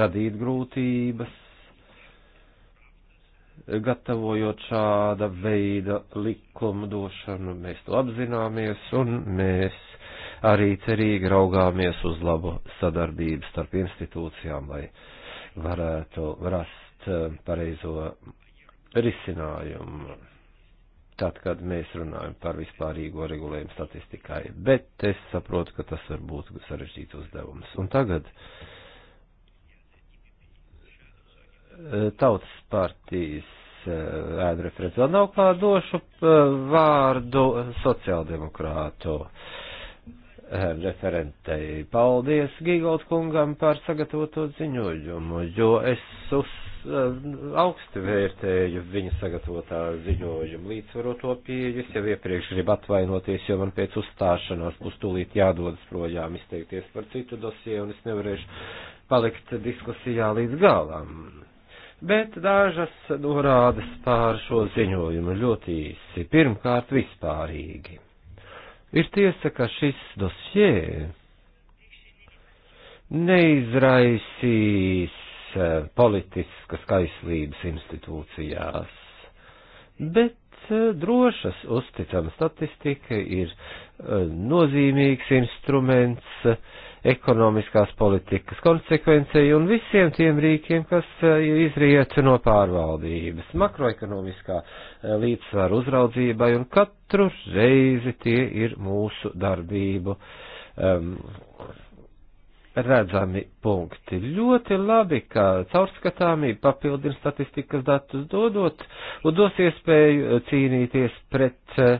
radīt grūtības, gatavojot šāda veida likumu došanu, mēs to apzināmies un mēs arī cerīgi raugāmies uz labu sadarbību starp institūcijām, lai varētu rast eh, pareizo risinājumu tad, kad mēs runājam par vispārīgo regulējumu statistikai, bet es saprotu, ka tas var būt sarežģīts uzdevums. Un tagad e, tautas partijas e, ēdu referents vēl nav klāt, došu e, vārdu sociāldemokrātu referentei. Paldies Gīgold kungam par sagatavoto ziņojumu, jo es uz Eh, augsti vērtēju viņa sagatavotā ziņojuma līdzsvaroto pieeju. Es jau iepriekš gribu atvainoties, jo man pēc uzstāšanās būs tūlīt jādodas projām izteikties par citu dosiju, un es nevarēšu palikt diskusijā līdz galam. Bet dažas norādes pār šo ziņojumu ļoti īsi, pirmkārt vispārīgi. Ir tiesa, ka šis dosjē neizraisīs Eh, politiskas kaislības institūcijās, bet eh, drošas, uzticama statistika ir eh, nozīmīgs instruments ekonomiskās politikas konsekvencija un visiem tiem rīkiem, kas izriet no pārvaldības, makroekonomiskā līdzsvara uzraudzībai, un katru reizi tie ir mūsu darbību um, redzami punkti. Ļoti labi, ka caurskatāmība papildina statistikas datus dodot un dos iespēju eh, cīnīties pret eh,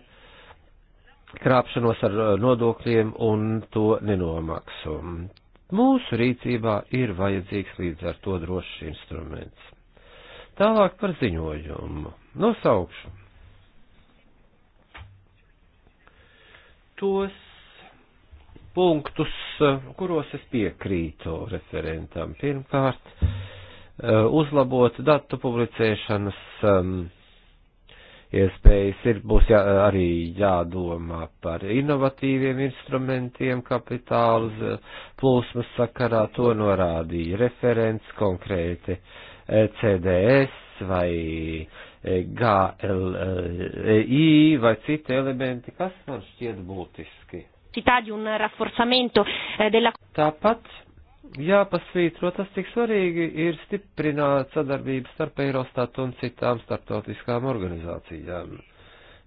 krāpšanos ar eh, nodokļiem un to nenomaksu. Mūsu rīcībā ir vajadzīgs līdz ar to drošs instruments. Tālāk par ziņojumu. Nosaukšu. Tos punktus, eh, kuros es piekrītu referentam. Pirmkārt, eh, uzlabot datu publicēšanas ehm, iespējas ir, būs jā, arī jādomā par inovatīviem instrumentiem kapitālus plūsmas sakarā, to norādīja referents konkrēti e CDS vai GLI e vai citi elementi, kas man šķiet būtiski necessità di un rafforzamento eh, della. Tāpat jāpasvītro tas, cik svarīgi ir stiprināt sadarbību starp Eirostatu un citām starptautiskām organizācijām.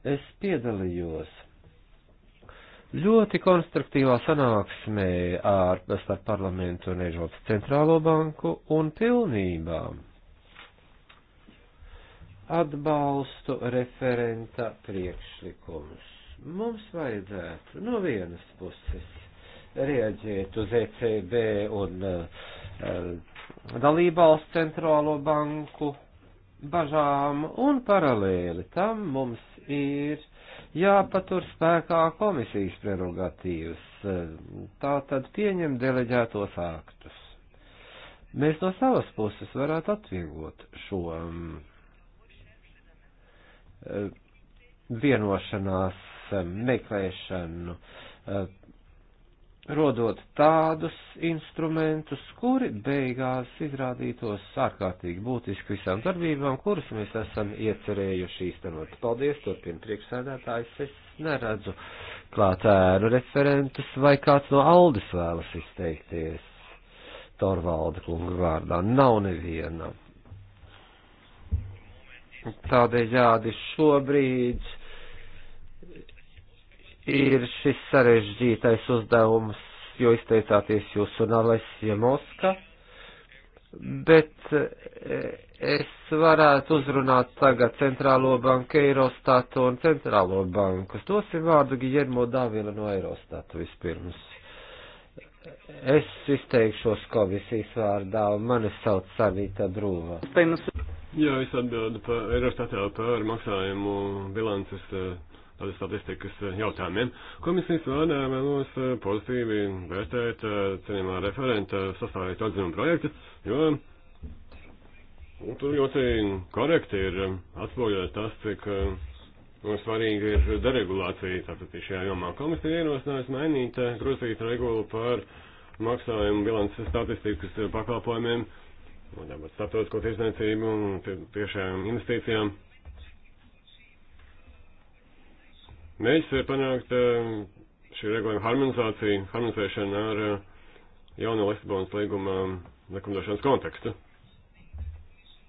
Es piedalījos ļoti konstruktīvā sanāksmē ar starp parlamentu un Eiropas centrālo banku un pilnībā atbalstu referenta priekšlikumus. Mums vajadzētu no vienas puses rieģēt uz ECB un uh, dalībvalsts centrālo banku bažām un paralēli tam mums ir jāpatur spēkā komisijas prerogatīvas, eh, tā tad pieņem deleģētos aktus. Mēs no savas puses varētu atvieglot šo um, vienošanās Um, meklēšanu, uh, rodot tādus instrumentus, kuri beigās izrādītos ārkārtīgi būtiski visām darbībām, kuras mēs esam iecerējuši īstenot. Paldies, turpina priekšsēdētājs. Es neredzu klātēnu referentus vai kāds no Aldis vēlas izteikties. Torvalda kunga vārdā nav neviena. Tādēļ jādi šobrīd ir šis sarežģītais uzdevums, jo izteicāties jūs un Alesija Moska, bet e, es varētu uzrunāt tagad Centrālo banku, Eirostatu un Centrālo banku. Dosim vārdu Gijermo Davila no Eirostatu vispirms. Es izteikšos komisijas vārdā, un mani sauc Sanita Brūva. Jā, es atbildu par Eirostatu par maksājumu bilances uh, tādas statistikas eh, jautājumiem. Komisijas vārdā vēlos eh, pozitīvi vērtēt eh, cienījumā referenta sastādīt atzinumu projektu, jo tur ļoti korekti ir atspoguļot tas, cik svarīgi ir deregulācija. Tātad šajā jomā komisija ierosinājusi mainīt, grozīt regulu par maksājumu bilances statistikas pakalpojumiem, tāpat starptautisko tirsniecību un tiešām investīcijām. Mēs varam panākt eh, šī regulējuma harmonizāciju, harmonizēšanu ar eh, jauno Lisabonas līguma eh, likumdošanas kontekstu.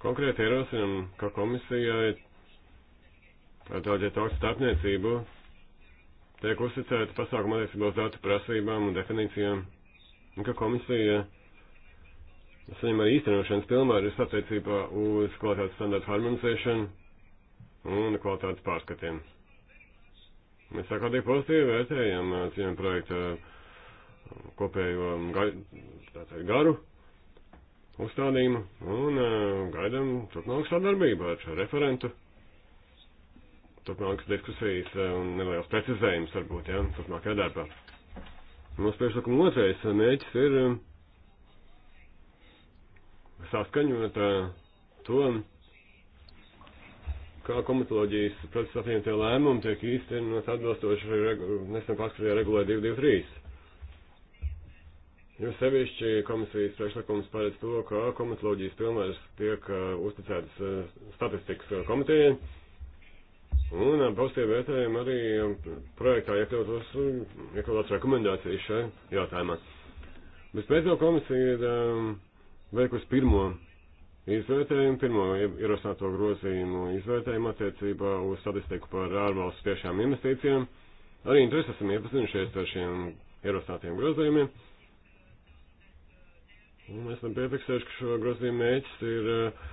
Konkrēti ierosinam, ka komisijai ar daudzietu aktu starpniecību tiek uzticēta pasākuma attiecībā uz datu prasībām un definīcijām, un ka komisija saņem arī īstenošanas pilnvaru attiecībā uz kvalitātes standartu harmonizēšanu un kvalitātes pārskatiem. Mēs sākotnēji pozitīvi vērtējam cienu projektu kopējo tātad, garu uzstādījumu un gaidām turpmāku sadarbību ar referentu. Turpmākas diskusijas un neliels precizējums varbūt, jā, ja, turpmākajā darbā. Mūsu priekšlikuma otrais mērķis ir saskaņot to, kā komitoloģijas procesa apvienotie lēmumi tiek īstenot atbilstoši nesen paskatījā regulē 223. Jo sevišķi komisijas priekšlikums paredz to, ka komitoloģijas pilnvaras tiek uh, uzticētas uh, statistikas uh, komitejai. Un uh, pozitīvi vērtējam arī um, projektā iekļautos, um, iekļautos rekomendācijas šai jautājumā. Bez pēdējo komisija ir um, veikusi pirmo izvērtējumu, pirmo ierosināto grozījumu izvērtējumu attiecībā uz statistiku par ārvalstu tiešām investīcijām. Arī interesi esam iepazinušies ar šiem ierosinātiem grozījumiem. Un mēs esam piefiksējuši, ka šo grozījumu mēģis ir uh,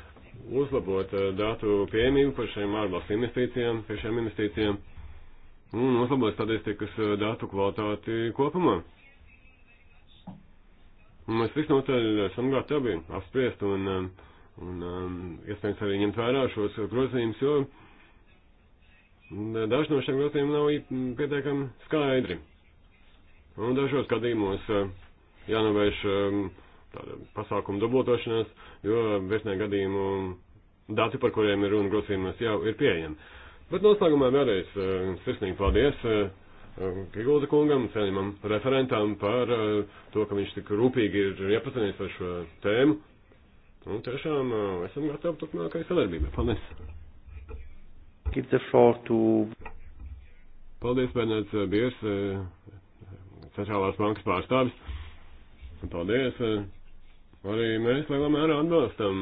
uzlabot uh, datu pieejamību par šiem ārvalstu investīcijām, tiešām investīcijām un uzlabot statistikas uh, datu kvalitāti kopumā. Un mēs visnotaļ esam gatavi apspriest un uh, Un um, iespējams arī ņemt vērā šos grozījumus, jo mm, daži no šiem grozījumiem nav mm, pietiekami skaidri. Un dažos gadījumos uh, jānovērš um, tāda pasākuma dubultošanās, jo virknē gadījumu dati, par kuriem ir runa grozījumos, jau ir pieejami. Bet noslēgumā vēlreiz uh, sirsnīgi paldies uh, um, Kigulda kungam, cienījumam referentam par uh, to, ka viņš tik rūpīgi ir iepazinies ar šo tēmu. Un nu, tiešām esam gatavi turpmākai sadarbībai. Paldies! Give the floor to... Paldies, Bernards Biers, Centrālās bankas pārstāvis. Paldies! Arī mēs lielā mērā atbalstam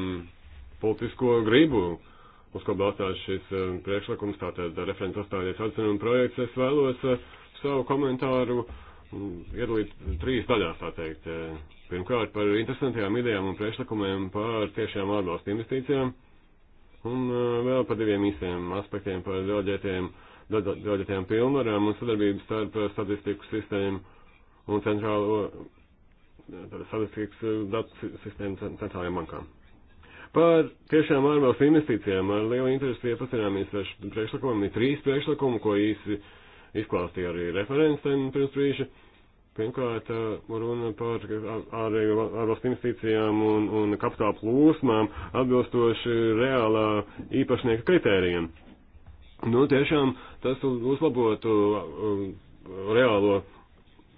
politisko gribu, uz ko balstās šis priekšlikums, tātad referents uzstāties atzinumu projekts. Es vēlos savu komentāru uh, iedalīt trīs daļās, tā teikt. Pirmkārt, par interesantajām idejām un priekšlikumiem par tiešām ārvalstu investīcijām, un uh, vēl par diviem īsiem aspektiem par deleģētiem, deleģētiem pilnvarām un sadarbību starp statistiku sistēmu un centrālo statistikas uh, datu sistēmu centrālajām bankām. Par tiešām ārvalstu investīcijām ar lielu interesi iepazināmies ar priekšlikumiem. Ir trīs priekšlikumi, ko īsi izklāstīja arī referents ten pirms brīža. Pirmkārt, runa par ārējo ārvalstu investīcijām un, un kapitāla plūsmām atbilstoši reālā īpašnieka kritērijiem. Nu, tiešām tas uzlabotu reālo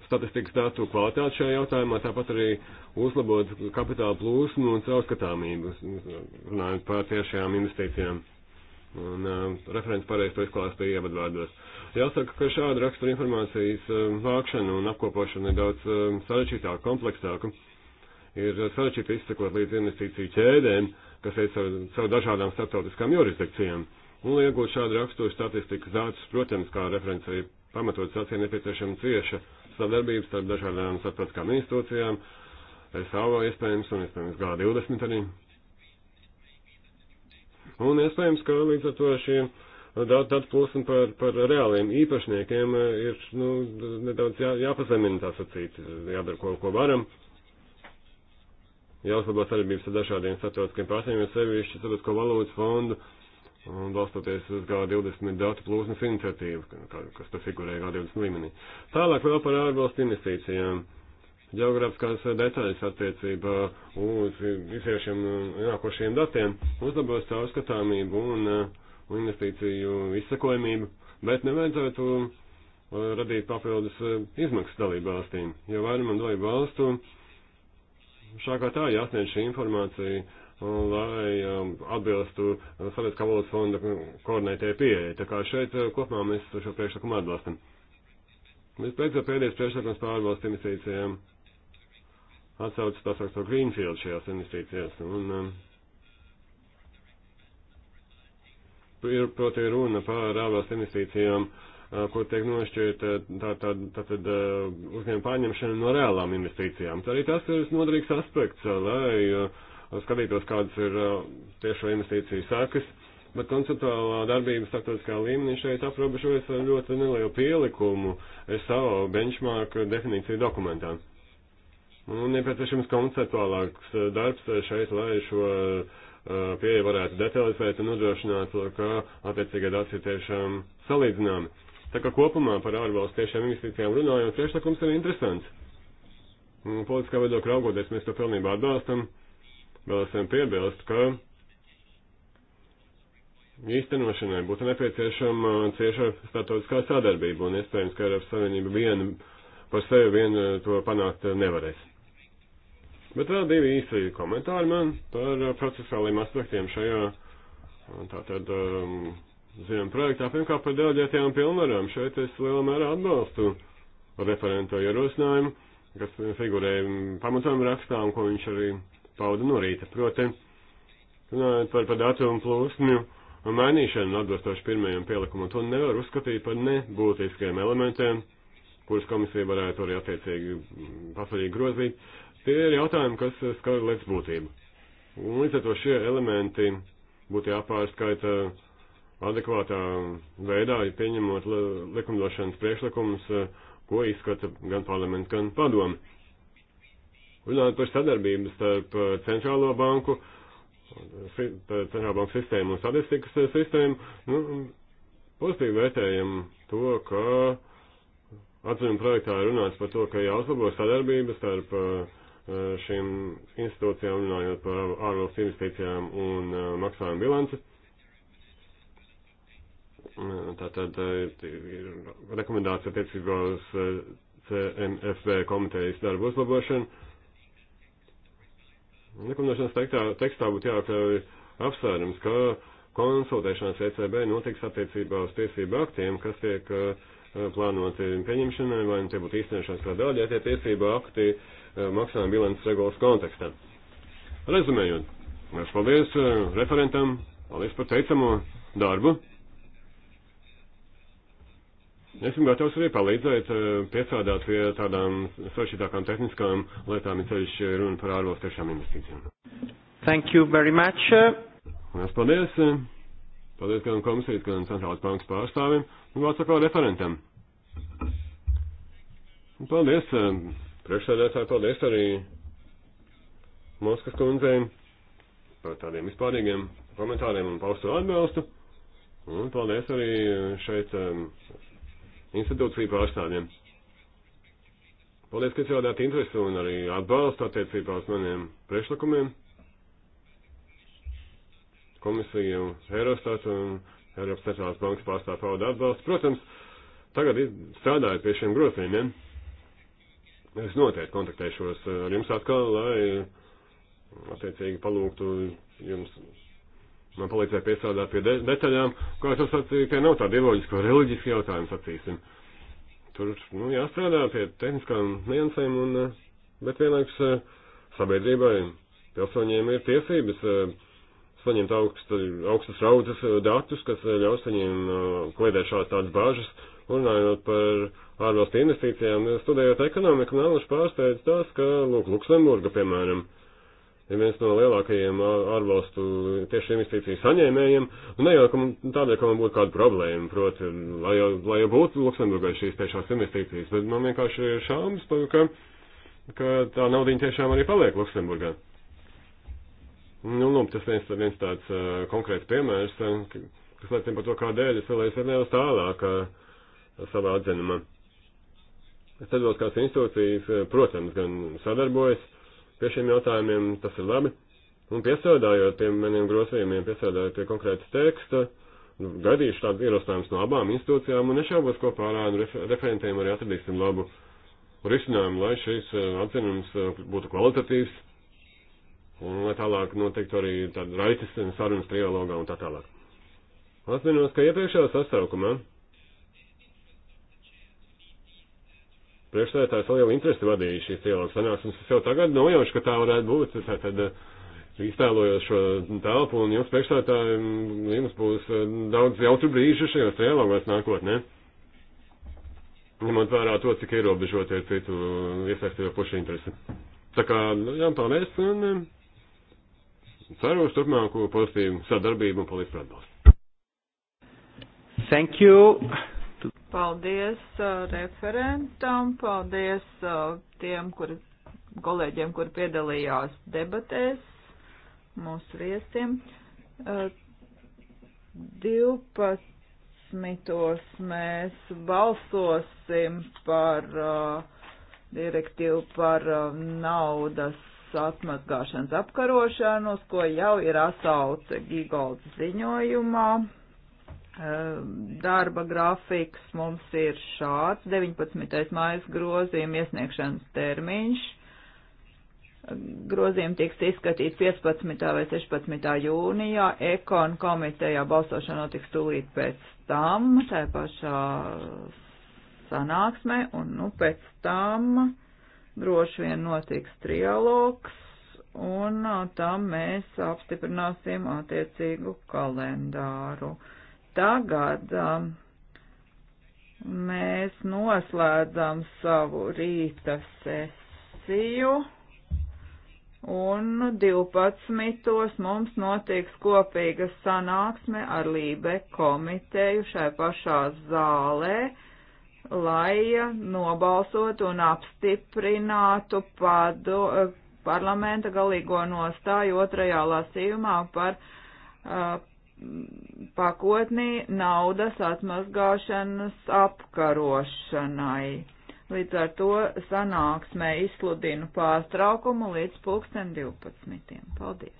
statistikas datu kvalitāti šajā jautājumā, tāpat arī uzlabot kapitāla plūsmu un caurskatāmību, runājot par tiešajām investīcijām. Un uh, referents pareizi to izklāstīja ievadvārdos. Jāsaka, ka šāda rakstura informācijas um, vākšana un apkopošana ir daudz um, sarežģītāka, kompleksāka. Ir sarežģīti izsekot līdz investīciju ķēdēm, kas ir caur, caur dažādām starptautiskām jurisdikcijām. Un, lai iegūtu šādu raksturu statistikas datus, protams, kā referents arī pamatot sacīja nepieciešama cieša sadarbības starp dažādām starptautiskām institūcijām, SAO iespējams un iespējams G20 arī. Un iespējams, ka līdz ar to šie daudz datu plūsmu par, par reāliem īpašniekiem eh, ir nu, nedaudz jā, jāpazemina tā sacīt, jādara kaut ko varam. Jāuzlabo sadarbības ar dažādiem starptautiskiem partneriem, jo sevišķi starptautisko valūtas fondu un balstoties uz G20 datu plūsmas iniciatīvu, kas te figurēja G20 līmenī. Tālāk vēl par ārvalstu investīcijām. Geogrāfiskās detaļas attiecībā uz visiešiem uh, nākošiem datiem uzlabos caurskatāmību un uh, un investīciju izsakojamību, bet nevajadzētu uh, radīt papildus uh, izmaksas dalību valstīm, jo vairumam dalību valstu šā kā tā jāsniedz šī informācija, lai um, atbilstu uh, Savietiskā valodas fonda koordinētajai pieeja. Tā kā šeit kopumā mēs šo priekšlikumu atbalstam. Mēs pēcot pēdējais priekšlikums pārbalstu investīcijām atsaucas tā saucamo Greenfield šajās investīcijās. Un, um, ir proti runa par ārvalstu investīcijām, kur tiek nošķirta tā, tā, tā, tā, uzņēmuma pārņemšana no reālām investīcijām. Tā arī tas ir noderīgs aspekts, lai skatītos, kādas ir tiešo investīciju sākas. Bet konceptuālā darbība starptautiskā līmenī šeit aprobežojas ar ļoti nelielu pielikumu savu benchmark definīciju dokumentā. Un nepieciešams konceptuālāks darbs šeit, lai šo uh, Eh, pieeja varētu detalizēt un nodrošināt, ka attiecīgie dati ir tiešām salīdzināmi. Tā kā kopumā par ārvalstu tiešām investīcijām runājot, priekšlikums ir interesants. Mm, politiskā viedokļa raugoties, mēs to pilnībā atbalstam. Vēl esam piebilst, ka īstenošanai būtu nepieciešama cieša startautiskā sadarbība, un iespējams, ka Eiropas Savienība viena par sevi vien to panākt nevarēs. Bet vēl divi īsi komentāri man par uh, procesuāliem aspektiem šajā uh, tātad um, ziņām projektā. Pirmkārt par delegētajām pilnvarām. Šeit es lielā mērā atbalstu referento ierosinājumu, kas figurēja pamatojuma rakstā un ko viņš arī pauda no rīta. Proti, runājot par, par datumu plūsmu un mainīšanu atbilstoši pirmajam pielikumam, to nevar uzskatīt par nebūtiskiem elementiem, kurus komisija varētu arī attiecīgi pasvarīgi grozīt. Tie ir jautājumi, kas eh, skar lietas būtību. Un līdz ar to šie elementi būtu jāpārskaita adekvātā veidā, ja pieņemot likumdošanas priekšlikumus, eh, ko izskata gan parlaments, gan padomi. Runājot par sadarbību starp eh, centrālo banku, centrālo banku sistēmu un statistikas sistēmu, nu, pozitīvi vērtējam to, ka atzinuma projektā runāts par to, ka jāuzlabo sadarbības starp uh, šīm institūcijām, runājot par ārvalstu investīcijām un maksājumu bilanci. Tātad ir rekomendācija attiecībā uz CMFB komitejas darbu uzlabošanu. Likumdošanas tekstā, tekstā būtu jāatļauj apsvērums, ka konsultēšanās ECB notiks attiecībā uz tiesību aktiem, kas tiek plānoti pieņemšanai, vai nu tie būtu īstenošanas kā daļa, ja tie tiesību akti uh, Eh, maksājuma bilances regulas kontekstā. Rezumējot, mēs paldies eh, referentam, paldies par teicamo darbu. Esmu gatavs arī palīdzēt eh, piesādāt pie tādām sašķitākām tehniskām lietām, ja ceļš runa par ārvalstu tiešām investīcijām. Thank you very much. Mēs paldies. Paldies gan komisijas, gan centrālās bankas pārstāvim un vārds atkal referentam. Paldies. Priekšsēdētāji, paldies arī Moskas kundzei par tādiem vispārīgiem komentāriem un paustu atbalstu. Un paldies arī šeit um, institūciju pārstāvjiem. Paldies, ka izrādāt interesi un arī atbalstu attiecībā uz maniem priekšlikumiem. Komisiju, Eurostat un Eiropas centrālās bankas pārstāvju pauda atbalstu. Protams, tagad strādājot pie šiem grozījumiem. Ja? Es noteikti kontaktēšos eh, ar jums atkal, lai eh, attiecīgi palūgtu jums man palīdzēja piesādāt pie de detaļām, kā es sacīju, tie nav tādi ideoloģiski vai reliģiski jautājumi, sacīsim. Tur, nu, jāstrādā pie tehniskām niansēm, un, eh, bet vienlaiks sabiedrībai, pilsoņiem ir tiesības saņemt augsta, augstas raudzes datus, kas ļaus viņiem kliedēt šādas tādas bāžas, runājot par ārvalstu investīcijām, studējot ekonomiku, man ļoti pārsteidz tas, ka, lūk, Luksemburga, piemēram, ir viens no lielākajiem ārvalstu tieši investīciju saņēmējiem, un ne jau ka man, tādēļ, ka man būtu kāda problēma, proti, lai jau, lai jau būtu Luksemburgai šīs tiešās investīcijas, bet man vienkārši ir šāms, ka, ka tā naudiņa tiešām arī paliek Luksemburgā. Nu, nu, tas viens, viens tāds uh, konkrēts piemērs, uh, kas liecina par to, kādēļ es vēlējos vēl tālāk. Uh, savā atzinumā. Starptautiskās institūcijas, eh, protams, gan sadarbojas pie šiem jautājumiem, tas ir labi. Un piesādājot pie maniem grozījumiem, piesādājot pie konkrētas teksta, gadīšu tādu ierosinājumus no abām institūcijām un nešaubos kopā ar ēnu referentiem arī atradīsim labu risinājumu, lai šis eh, atzinums eh, būtu kvalitatīvs un lai tālāk noteikti arī tāda raicis sarunas trialogā un tā tālāk. Atminos, ka iepriekšējā sasaukumā priekšsēdētājs lielu interesi vadīja šīs dialogu sanāksmes. Es jau tagad nojaušu, ka tā varētu būt. Tātad eh, iztēlojos šo telpu un jums priekšsēdētāji, jums būs eh, daudz jautru brīžu šajos dialogos nākotnē. Ņemot vērā to, cik ierobežot ir citu iesaistīto pušu interesi. Tā kā, nu, jā, paldies un eh, ceru uz turpmāko pozitīvu sadarbību un politisku atbalstu. Thank you. Paldies uh, referentam, paldies uh, tiem, kur, kolēģiem, kur piedalījās debatēs, mūsu viesiem. 12. Uh, mēs balsosim par direktīvu par naudas atmazgāšanas apkarošanu, uz ko jau ir atsauce Gigolds ziņojumā. Ehm, darba grafiks mums ir šāds. 19. mājas grozījuma iesniegšanas termiņš. Grozījumi tiks izskatīti 15. vai 16. jūnijā. Ekon komitejā balsošana notiks tūlīt pēc tam, tā pašā sanāksmē, un nu, pēc tam droši vien notiks trialogs un tam mēs apstiprināsim attiecīgu kalendāru. Tagad um, mēs noslēdzam savu rīta sesiju un 12. mums notiks kopīga sanāksme ar Lībe komiteju šai pašā zālē, lai nobalsotu un apstiprinātu padu, eh, parlamenta galīgo nostāju otrajā lasījumā par uh, pakotnī naudas atmazgāšanas apkarošanai. Līdz ar to sanāksmē izsludinu pārtraukumu līdz pulksten 12. Paldies!